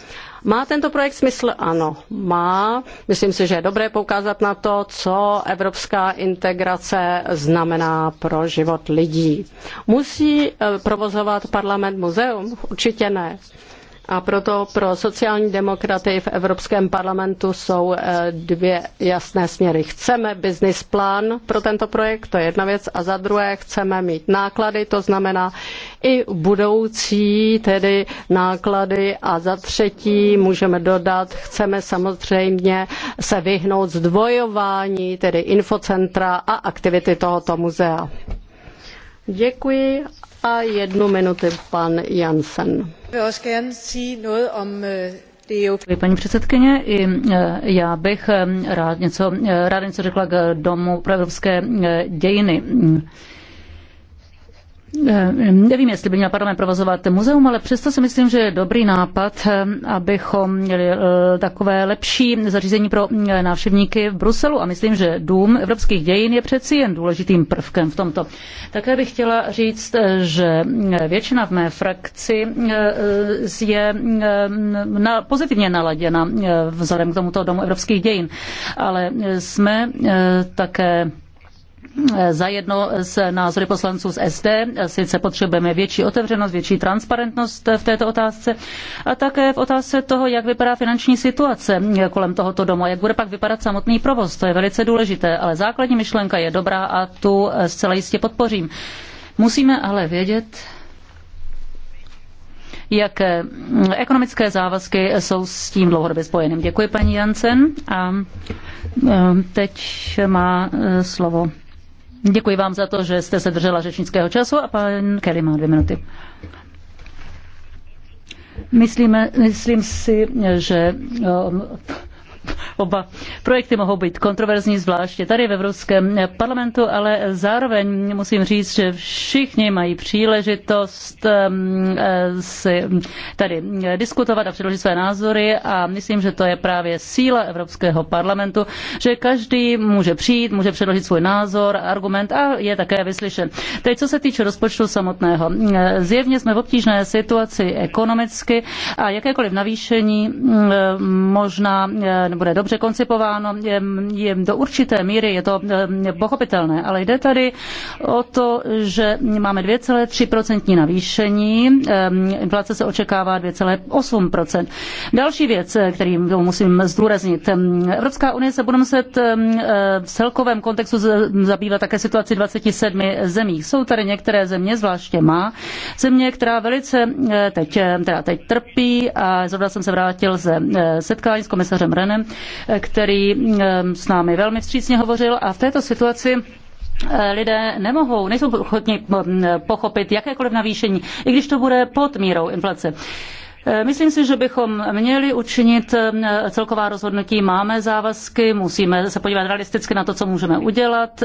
Má tento projekt smysl? Ano, má. Myslím si, že je dobré poukázat na to, co evropská integrace znamená pro život lidí. Musí eh, provozovat parlament muzeum? Určitě ne. A proto pro sociální demokraty v Evropském parlamentu jsou eh, dvě jasné směry. Chceme business plán pro tento projekt, to je jedna věc, a za druhé chceme mít náklady, to znamená i budoucí tedy náklady a za třetí můžeme dodat, chceme samozřejmě se vyhnout zdvojování, tedy infocentra a aktivity tohoto muzea. Děkuji a pan
paní předsedkyně. I e, já bych e, rád něco, e, rád něco řekla k Domu pro evropské dějiny. Eh, nevím, jestli by měl parlament provozovat muzeum, ale přesto si myslím, že je dobrý nápad, eh, abychom měli eh, takové lepší zařízení pro návštěvníky v Bruselu. A myslím, že Dům evropských dějin je přeci jen důležitým prvkem v tomto. Také bych chtěla říct, že většina v mé frakci je pozitivně naladěna vzhledem k tomuto Domu evropských dějin. Ale jsme také zajedno s názory poslanců z SD. Sice potřebujeme větší otevřenost, větší transparentnost v této otázce a také v otázce toho, jak vypadá finanční situace kolem tohoto domu, jak bude pak vypadat samotný provoz. To je velice důležité, ale základní myšlenka je dobrá a tu zcela jistě podpořím. Musíme ale vědět, jak ekonomické závazky jsou s tím dlouhodobě spojeným. Děkuji paní Jansen a e, teď má e, slovo Děkuji vám za to, že jste se držela řečnického času a pan Kelly má dvě minuty. Myslíme, myslím si, že oba projekty mohou být kontroverzní, zvláště tady v Evropském parlamentu, ale zároveň musím říct, že všichni mají příležitost eh, si tady diskutovat a předložit své názory a myslím, že to je právě síla Evropského parlamentu, že každý může přijít, může předložit svůj názor, argument a je také vyslyšen. Teď, co se týče rozpočtu samotného. Eh, zjevně jsme v obtížné situaci ekonomicky a jakékoliv navýšení mm, eh, možná Nebude dobře koncipováno, je, je, do určité míry je to eh, pochopitelné, ale jde tady o to, že máme 2,3% navýšení, eh, inflace se očekává 2,8%. Další věc, eh, kterým musím zdůraznit, Evropská unie se bude muset v celkovém kontextu zabývat také situaci 27 zemí. Jsou tady některé země, zvláště má země, která velice teď, teda teď trpí a zrovna jsem se vrátil ze setkání s komisařem Renem který s námi velmi vstřícně hovořil a v této situaci eh, lidé nemohou, nejsou ochotni pochopit jakékoliv navýšení, i když to bude pod mírou inflace. Eh, myslím si, že bychom měli učinit celková rozhodnutí. Máme závazky, musíme se podívat realisticky na to, co můžeme udělat.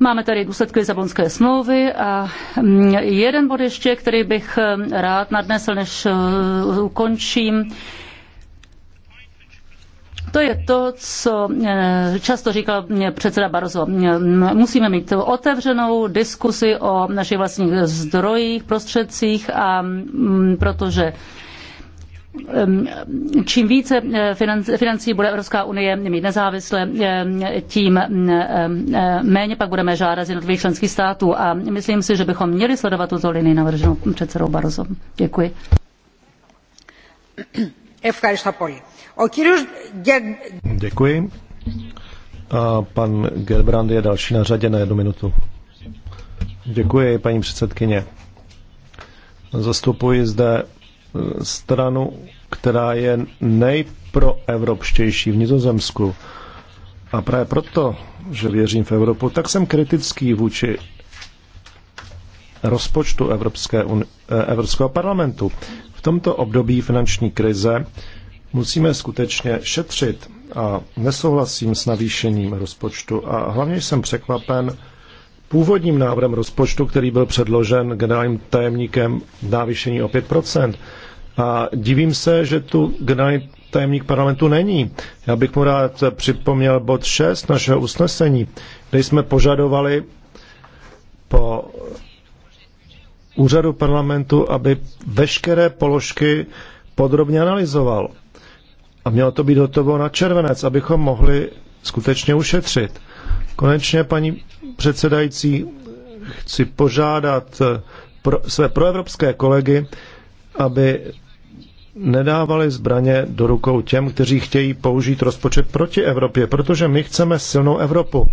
Máme tady důsledky Lisabonské smlouvy a mm, jeden bod ještě, který bych mm, rád nadnesl, než mm, ukončím. To je to, co často říkal předseda Barroso. Musíme mít otevřenou diskusi o našich vlastních zdrojích, prostředcích, a protože Ehm, čím více eh, financí bude Evropská unie mít nezávisle, eh, tím mm, eh, méně pak budeme žádat z jednotlivých členských států a myslím si, že bychom měli sledovat tuto linii navrženou předsedou Barroso. Děkuji.
Děkuji. A pan Gerbrand je další na řadě na jednu minutu. Děkuji, paní předsedkyně. Zastupuji zde stranu, která je nejproevropštější v Nizozemsku. A právě proto, že věřím v Evropu, tak jsem kritický vůči rozpočtu Evropské eh, Evropského parlamentu. V tomto období finanční krize musíme skutečně šetřit a nesouhlasím s navýšením rozpočtu a hlavně jsem překvapen původním návrhem rozpočtu, který byl předložen generálním tajemníkem navýšení o 5%. A divím se, že tu generální tajemník parlamentu není. Já bych mu rád připomněl bod 6 našeho usnesení, kde jsme požadovali po úřadu parlamentu, aby veškeré položky podrobně analyzoval. A mělo to být hotovo na červenec, abychom mohli skutečně ušetřit. Konečně, paní předsedající, chci požádat pro, své proevropské kolegy, aby nedávali zbraně do rukou těm, kteří chtějí použít rozpočet proti Evropě, protože my chceme silnou Evropu.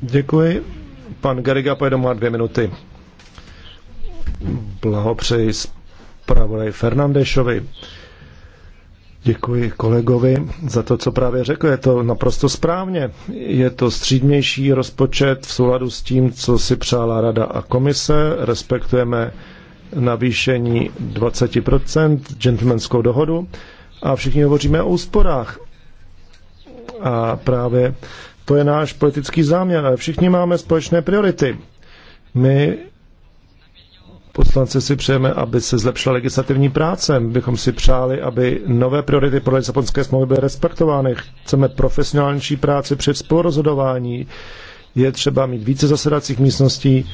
Děkuji. Pan Gariga pojede má dvě minuty. Blahopřeji zpravodaj Fernandešovi. Děkuji kolegovi za to, co právě řekl. Je to naprosto správně. Je to střídnější rozpočet v souladu s tím, co si přála Rada a komise. Respektujeme navýšení 20%, gentlemanskou dohodu a všichni hovoříme o úsporách. A právě to je náš politický záměr. Ale všichni máme společné priority. My poslanci si přejeme, aby se zlepšila legislativní práce. Bychom si přáli, aby nové priority pro Lisabonské smlouvy byly respektovány. Chceme profesionálnější práci při spolurozhodování. Je třeba mít více zasedacích místností,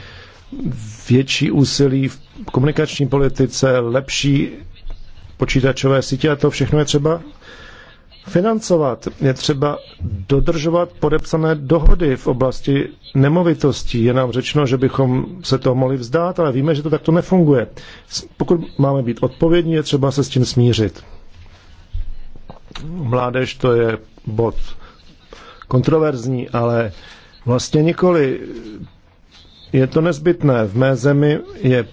větší úsilí v komunikační politice, lepší počítačové sítě a to všechno je třeba financovat. Je třeba dodržovat podepsané dohody v oblasti nemovitostí. Je nám řečeno, že bychom se toho mohli vzdát, ale víme, že to takto nefunguje. Pokud máme být odpovědní, je třeba se s tím smířit. Mládež to je bod kontroverzní, ale vlastně nikoli je to nezbytné. V mé zemi je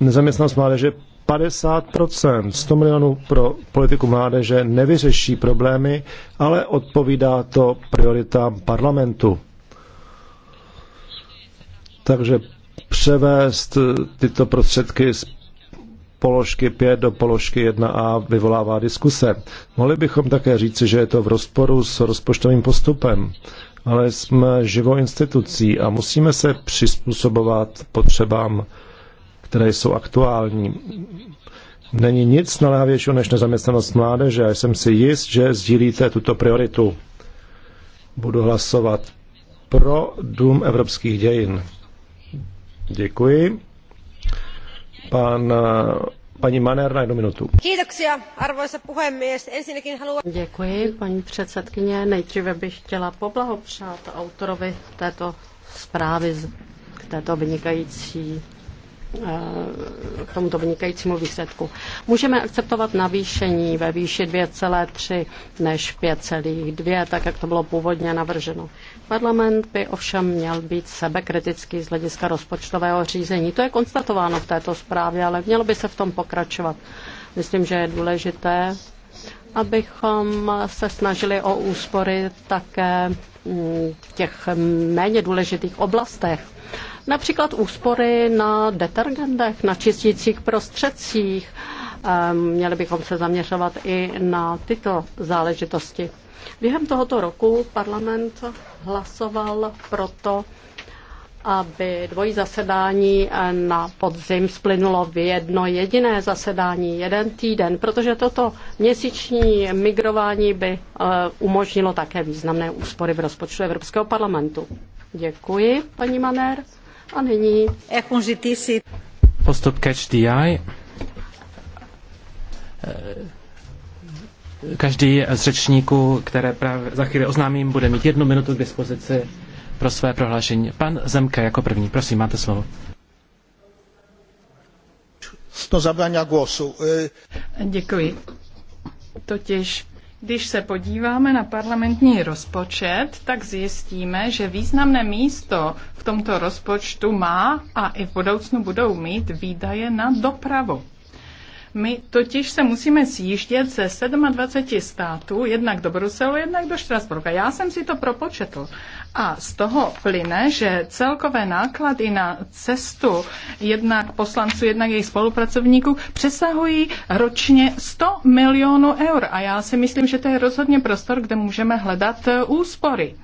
nezaměstnanost mládeže 50%, 100 milionů pro politiku mládeže nevyřeší problémy, ale odpovídá to prioritám parlamentu. Takže převést tyto prostředky z položky 5 do položky 1a vyvolává diskuse. Mohli bychom také říci, že je to v rozporu s rozpočtovým postupem ale jsme živou institucí a musíme se přizpůsobovat potřebám, které jsou aktuální. Není nic naléhavějšího než nezaměstnanost mládeže a jsem si jist, že sdílíte tuto prioritu. Budu hlasovat pro Dům evropských dějin. Děkuji. Pan Paní Maner na jednu minutu.
Děkuji, paní předsedkyně. Nejdříve bych chtěla poblahopřát autorovi této zprávy, k této vynikající eh, k tomuto vynikajícímu výsledku. Můžeme akceptovat navýšení ve výši 2,3 než 5,2, tak jak to bylo původně navrženo. Parlament by ovšem měl být sebekritický z hlediska rozpočtového řízení. To je konstatováno v této zprávě, ale mělo by se v tom pokračovat. Myslím, že je důležité, abychom se snažili o úspory také v těch méně důležitých oblastech. Například úspory na detergentech, na čistících prostředcích. Ehm, měli bychom se zaměřovat i na tyto záležitosti. Během tohoto roku parlament hlasoval proto, aby dvojí zasedání na podzim splynulo v jedno jediné zasedání, jeden týden, protože toto měsíční migrování by eh, umožnilo také významné úspory v rozpočtu Evropského parlamentu. Děkuji, paní Manér. A nyní...
Postup Catch DI. Každý z řečníků, které právě za chvíli oznámím, bude mít jednu minutu k dispozici pro své prohlášení. Pan Zemke jako první, prosím, máte slovo.
To zabrania głosu. E, děkuji. Totiž když se podíváme na parlamentní rozpočet, tak zjistíme, že významné místo v tomto rozpočtu má a i v budoucnu budou mít výdaje na dopravu. My totiž se musíme sjíždět ze 27 států, jednak do Bruselu, jednak do Štrasburka. Já jsem si to propočetl. A z toho plyne, že celkové náklady na cestu jednak poslanců, jednak jejich spolupracovníků přesahují ročně 100 milionů eur. A já si myslím, že to je rozhodně prostor, kde můžeme hledat eh, úspory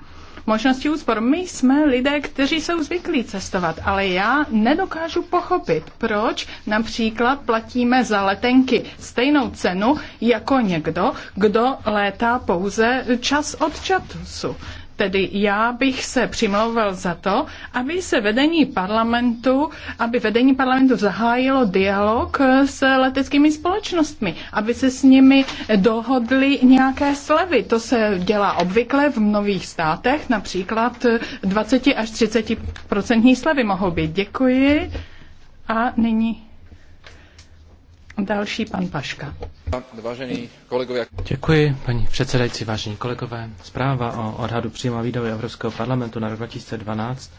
možností úspor. My jsme lidé, kteří jsou zvyklí cestovat, ale já nedokážu pochopit, proč například platíme za letenky stejnou cenu jako někdo, kdo létá pouze čas od času. Tedy já bych se přimlouval za to, aby se vedení parlamentu, aby vedení parlamentu zahájilo dialog s leteckými společnostmi, aby se s nimi dohodly nějaké slevy. To se dělá obvykle v nových státech, například 20 až 30 slevy mohou být. Děkuji. A nyní další pan Paška.
Děkuji, předsedající, vážení kolegové. Zpráva o odhadu příjma výdaje Evropského parlamentu na rok 2012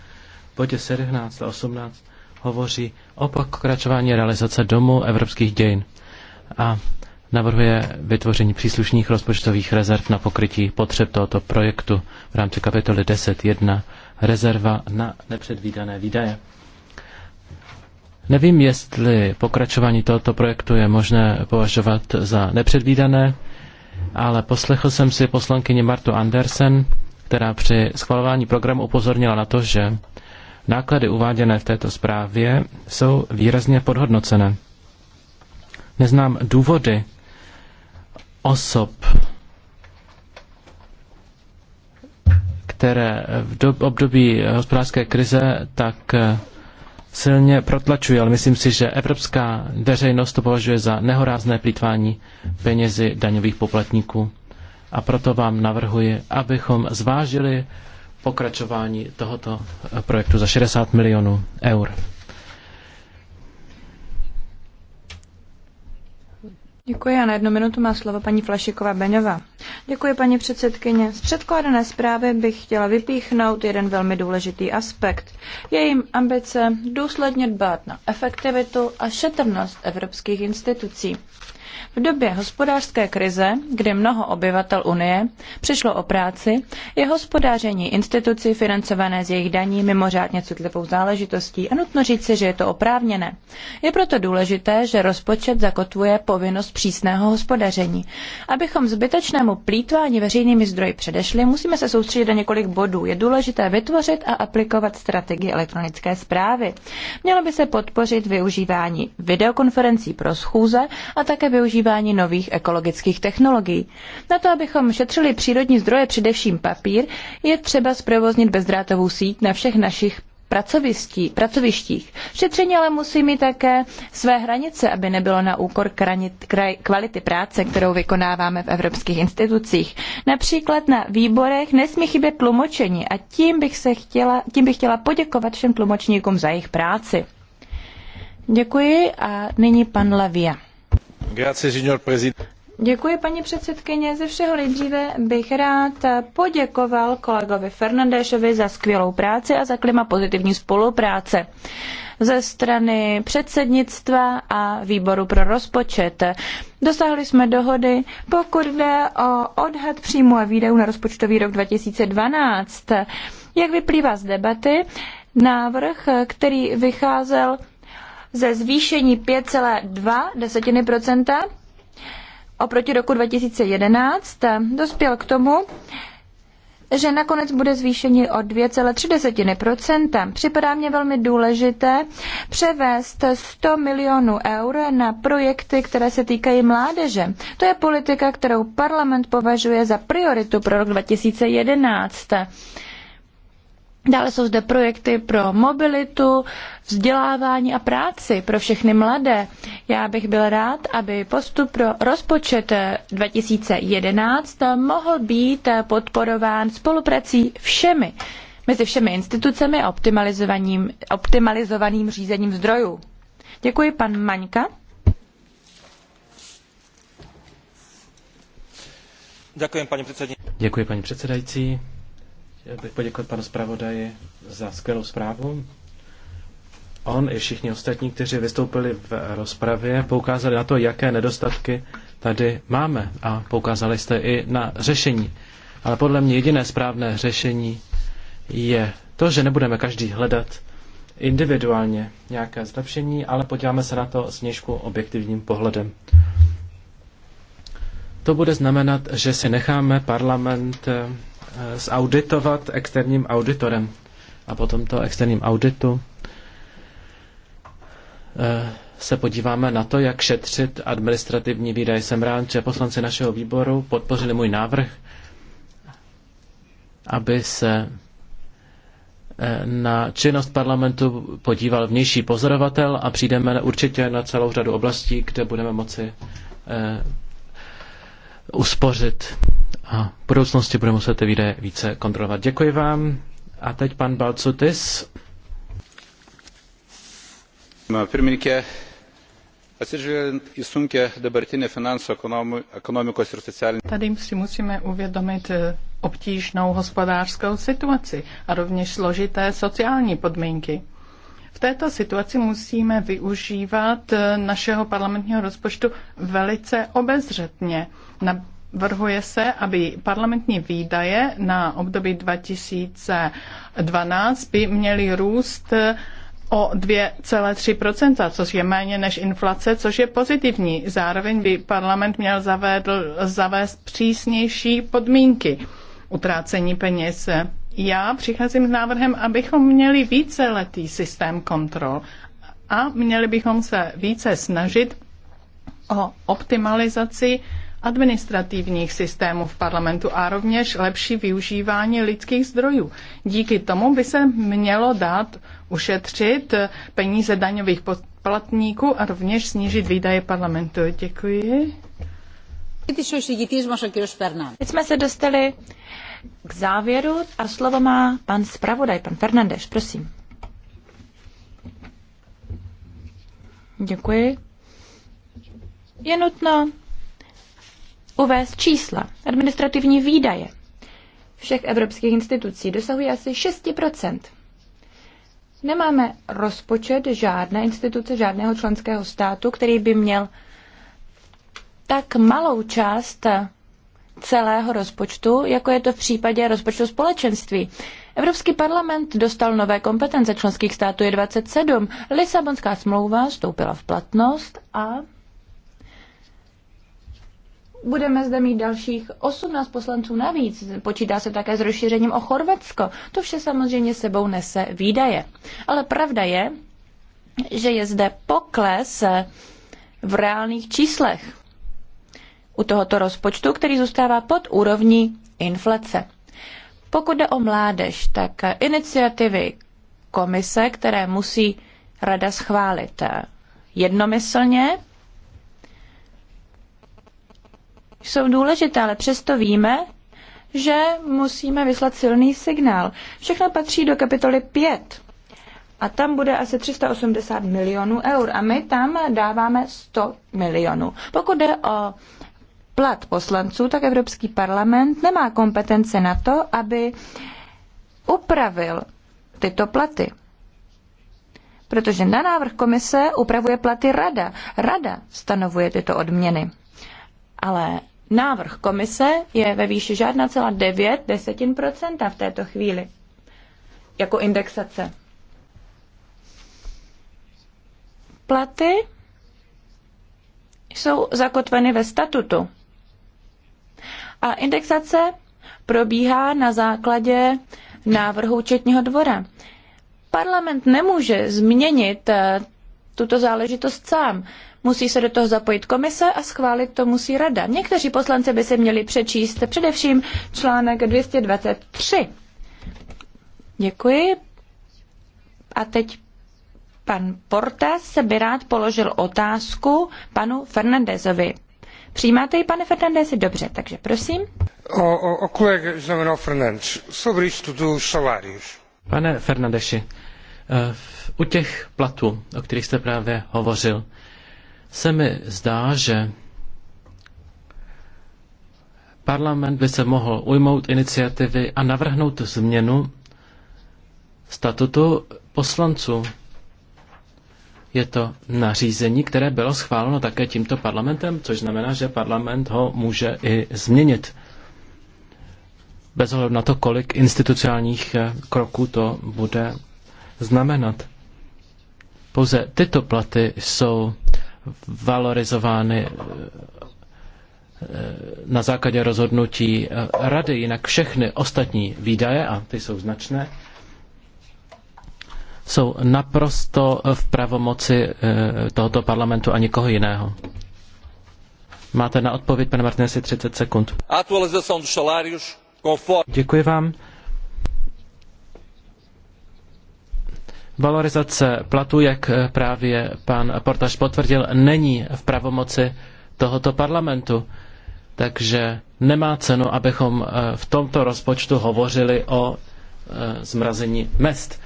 v bodě 17 a 18 hovoří o pokračování realizace Domu evropských dějin a navrhuje vytvoření příslušných rozpočtových rezerv na pokrytí potřeb tohoto projektu v rámci kapitoly 10.1 rezerva na nepředvídané výdaje. Nevím, jestli pokračování tohoto projektu je možné považovat za nepředvídané, ale poslechl jsem si poslankyni Martu Andersen, která při schvalování programu upozornila na to, že náklady uváděné v této zprávě jsou výrazně podhodnocené. Neznám důvody osob, které v období hospodářské krize tak silně protlačuje, ale myslím si, že evropská veřejnost to považuje za nehorázné plítvání penězi daňových poplatníků. A proto vám navrhuji, abychom zvážili pokračování tohoto eh, projektu za 60 milionů eur.
Děkuji a na jednu minutu má slovo paní Flašiková Beňová. Děkuji paní předsedkyně. Z předkládané zprávy bych chtěla vypíchnout jeden velmi důležitý aspekt. Jejím ambice důsledně dbát na efektivitu a šetrnost evropských institucí. V době hospodářské krize, kdy mnoho obyvatel Unie přišlo o práci, je hospodáření institucí financované z jejich daní mimořádně citlivou záležitostí a nutno říci, že je to oprávněné. Je proto důležité, že rozpočet zakotvuje povinnost přísného hospodaření. Abychom zbytečnému plítvání veřejnými zdroji předešli, musíme se soustředit na několik bodů. Je důležité vytvořit a aplikovat strategii elektronické zprávy. Mělo by se podpořit využívání videokonferencí pro schůze a také využívání využívání nových ekologických technologií. Na to, abychom šetřili přírodní zdroje, především papír, je třeba zprovoznit bezdrátovou síť na všech našich pracovištích. Šetření ale musí mít také své hranice, aby nebylo na úkor kranit, kraj, kvality práce, kterou vykonáváme v evropských institucích. Například na výborech nesmí chybět tlumočení a tím bych, se chtěla, tím bych chtěla poděkovat všem tlumočníkům za jejich práci. Děkuji a nyní pan Lavia. Děkuji, paní předsedkyně. Ze všeho nejdříve bych rád poděkoval kolegovi Fernandéšovi za skvělou práci a za klima pozitivní spolupráce ze strany předsednictva a výboru pro rozpočet. Dosáhli jsme dohody, pokud jde o odhad příjmu a výdajů na rozpočtový rok 2012. Jak vyplývá z debaty, návrh, který vycházel ze zvýšení 5,2 oproti roku 2011 dospěl k tomu, že nakonec bude zvýšení o 2,3 Připadá mě velmi důležité převést 100 milionů eur na projekty, které se týkají mládeže. To je politika, kterou parlament považuje za prioritu pro rok 2011. Dále jsou zde projekty pro mobilitu, vzdělávání a práci pro všechny mladé. Já bych byl rád, aby postup pro rozpočet 2011 mohl být podporován spoluprací všemi, mezi všemi institucemi a optimalizovaným, optimalizovaným řízením zdrojů. Děkuji, pan Maňka.
Děkuji, paní předsedající. Děkuji, paní předsedající. Chtěl bych poděkovat panu zpravodaji za skvělou zprávu. On i všichni ostatní, kteří vystoupili v rozpravě, poukázali na to, jaké nedostatky tady máme a poukázali jste i na řešení. Ale podle mě jediné správné řešení je to, že nebudeme každý hledat individuálně nějaké zlepšení, ale podíváme se na to s něžku objektivním pohledem. To bude znamenat, že si necháme parlament eh, Eh, zauditovat externím auditorem. A po tomto externím auditu eh, se podíváme na to, jak šetřit administrativní výdaje. Jsem rád, že poslanci našeho výboru podpořili můj návrh, aby se eh, na činnost parlamentu podíval vnější pozorovatel a přijdeme určitě na celou řadu oblastí, kde budeme moci uspořit a v budoucnosti budeme muset videa více kontrolovat. Děkuji vám. A teď pan Balcutis.
Pirmininkė, atsižvelgiant į sunkę dabartinę finansų, ekonomikos ir socialinį.
Tady si musíme uvědomit eh, obtížnou hospodářskou situaci a rovněž složité sociální podmínky. V této situaci musíme využívat eh, našeho parlamentního rozpočtu velice obezřetně. Vrhuje se, aby parlamentní výdaje na období 2012 by měly růst o 2,3%, což je méně než inflace, což je pozitivní. Zároveň by parlament měl zavédl, zavést přísnější podmínky utrácení peněz. Já přicházím s návrhem, abychom měli více letý systém kontrol a měli bychom se více snažit o optimalizaci administrativních systémů v parlamentu a rovněž lepší využívání lidských zdrojů. Díky tomu by se mělo dát ušetřit peníze daňových poplatníků a rovněž snížit výdaje parlamentu. Děkuji.
Teď jsme se dostali k závěru a slovo má pan zpravodaj, pan Fernandeš, prosím. Děkuji. Je nutno uvést čísla. Administrativní výdaje všech evropských institucí dosahují asi 6 Nemáme rozpočet žádné instituce, žádného členského státu, který by měl tak malou část celého rozpočtu, jako je to v případě rozpočtu společenství. Evropský parlament dostal nové kompetence členských států je 27, Lisabonská smlouva vstoupila v platnost a budeme zde mít dalších 18 poslanců navíc. Počítá se také s rozšířením o Chorvatsko. To vše samozřejmě sebou nese výdaje. Ale pravda je, že je zde pokles v reálných číslech u tohoto rozpočtu, který zůstává pod úrovní inflace. Pokud jde o mládež, tak iniciativy komise, které musí rada schválit eh, jednomyslně, jsou důležité, ale přesto víme, že musíme vyslat silný signál. Všechno patří do kapitoly 5 a tam bude asi 380 milionů eur a my tam dáváme 100 milionů. Pokud jde o plat poslanců, tak Evropský parlament nemá kompetence na to, aby upravil tyto platy. Protože na návrh komise upravuje platy rada. Rada stanovuje tyto odměny. Ale Návrh komise je ve výši žádná celá 9 desetin procenta v této chvíli jako indexace. Platy jsou zakotveny ve statutu. A indexace probíhá na základě návrhu účetního dvora. Parlament nemůže změnit eh, tuto záležitost sám musí se do toho zapojit komise a schválit to musí rada. Někteří poslanci by se měli přečíst především článek 223. Děkuji. A teď pan Portas by rád položil otázku panu Fernandezovi. Přijímáte ji, pane Fernandezi? Dobře, takže prosím.
O, o, o kolega João Fernandes,
sobre isto dos salários.
Pane Fernandeši, eh, u těch platů, o kterých jste právě hovořil, se mi zdá, že parlament by se mohl ujmout iniciativy a navrhnout změnu statutu poslanců. Je to nařízení, které bylo schváleno také tímto parlamentem, což znamená, že parlament ho může i změnit. Bez ohledu na to, kolik institucionálních eh, kroků to bude znamenat. Pouze tyto platy jsou valorizovány eh, na základě rozhodnutí eh, rady, jinak všechny ostatní výdaje, a ty jsou značné, jsou naprosto v pravomoci eh, tohoto parlamentu a nikoho jiného. Máte na odpověď, pane Martinesi, 30 sekund. Děkuji vám. Valorizace platu, jak eh, právě pan Portaž potvrdil, není v pravomoci tohoto parlamentu. Takže nemá cenu, abychom eh, v tomto rozpočtu hovořili o eh, zmrazení mest.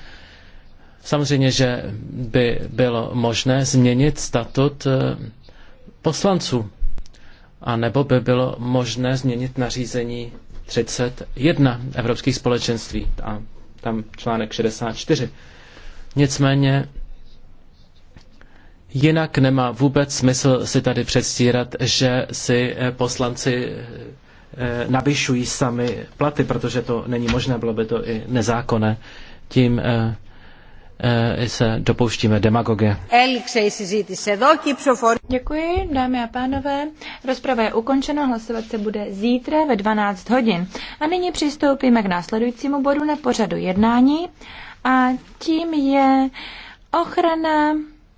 Samozřejmě, že by bylo možné změnit statut poslanců, a nebo by bylo možné změnit nařízení 31 Evropských společenství a tam článek 64. Nicméně jinak nemá vůbec smysl si tady předstírat, že si eh, poslanci eh, navyšují sami platy, protože to není možné, bylo by to i nezákonné. Tím eh, se dopouštíme demagogie.
Děkuji, dámy a pánové. Rozprava je ukončena, hlasovat se bude zítra ve 12 hodin. A nyní přistoupíme k následujícímu bodu na pořadu jednání a tím je ochrana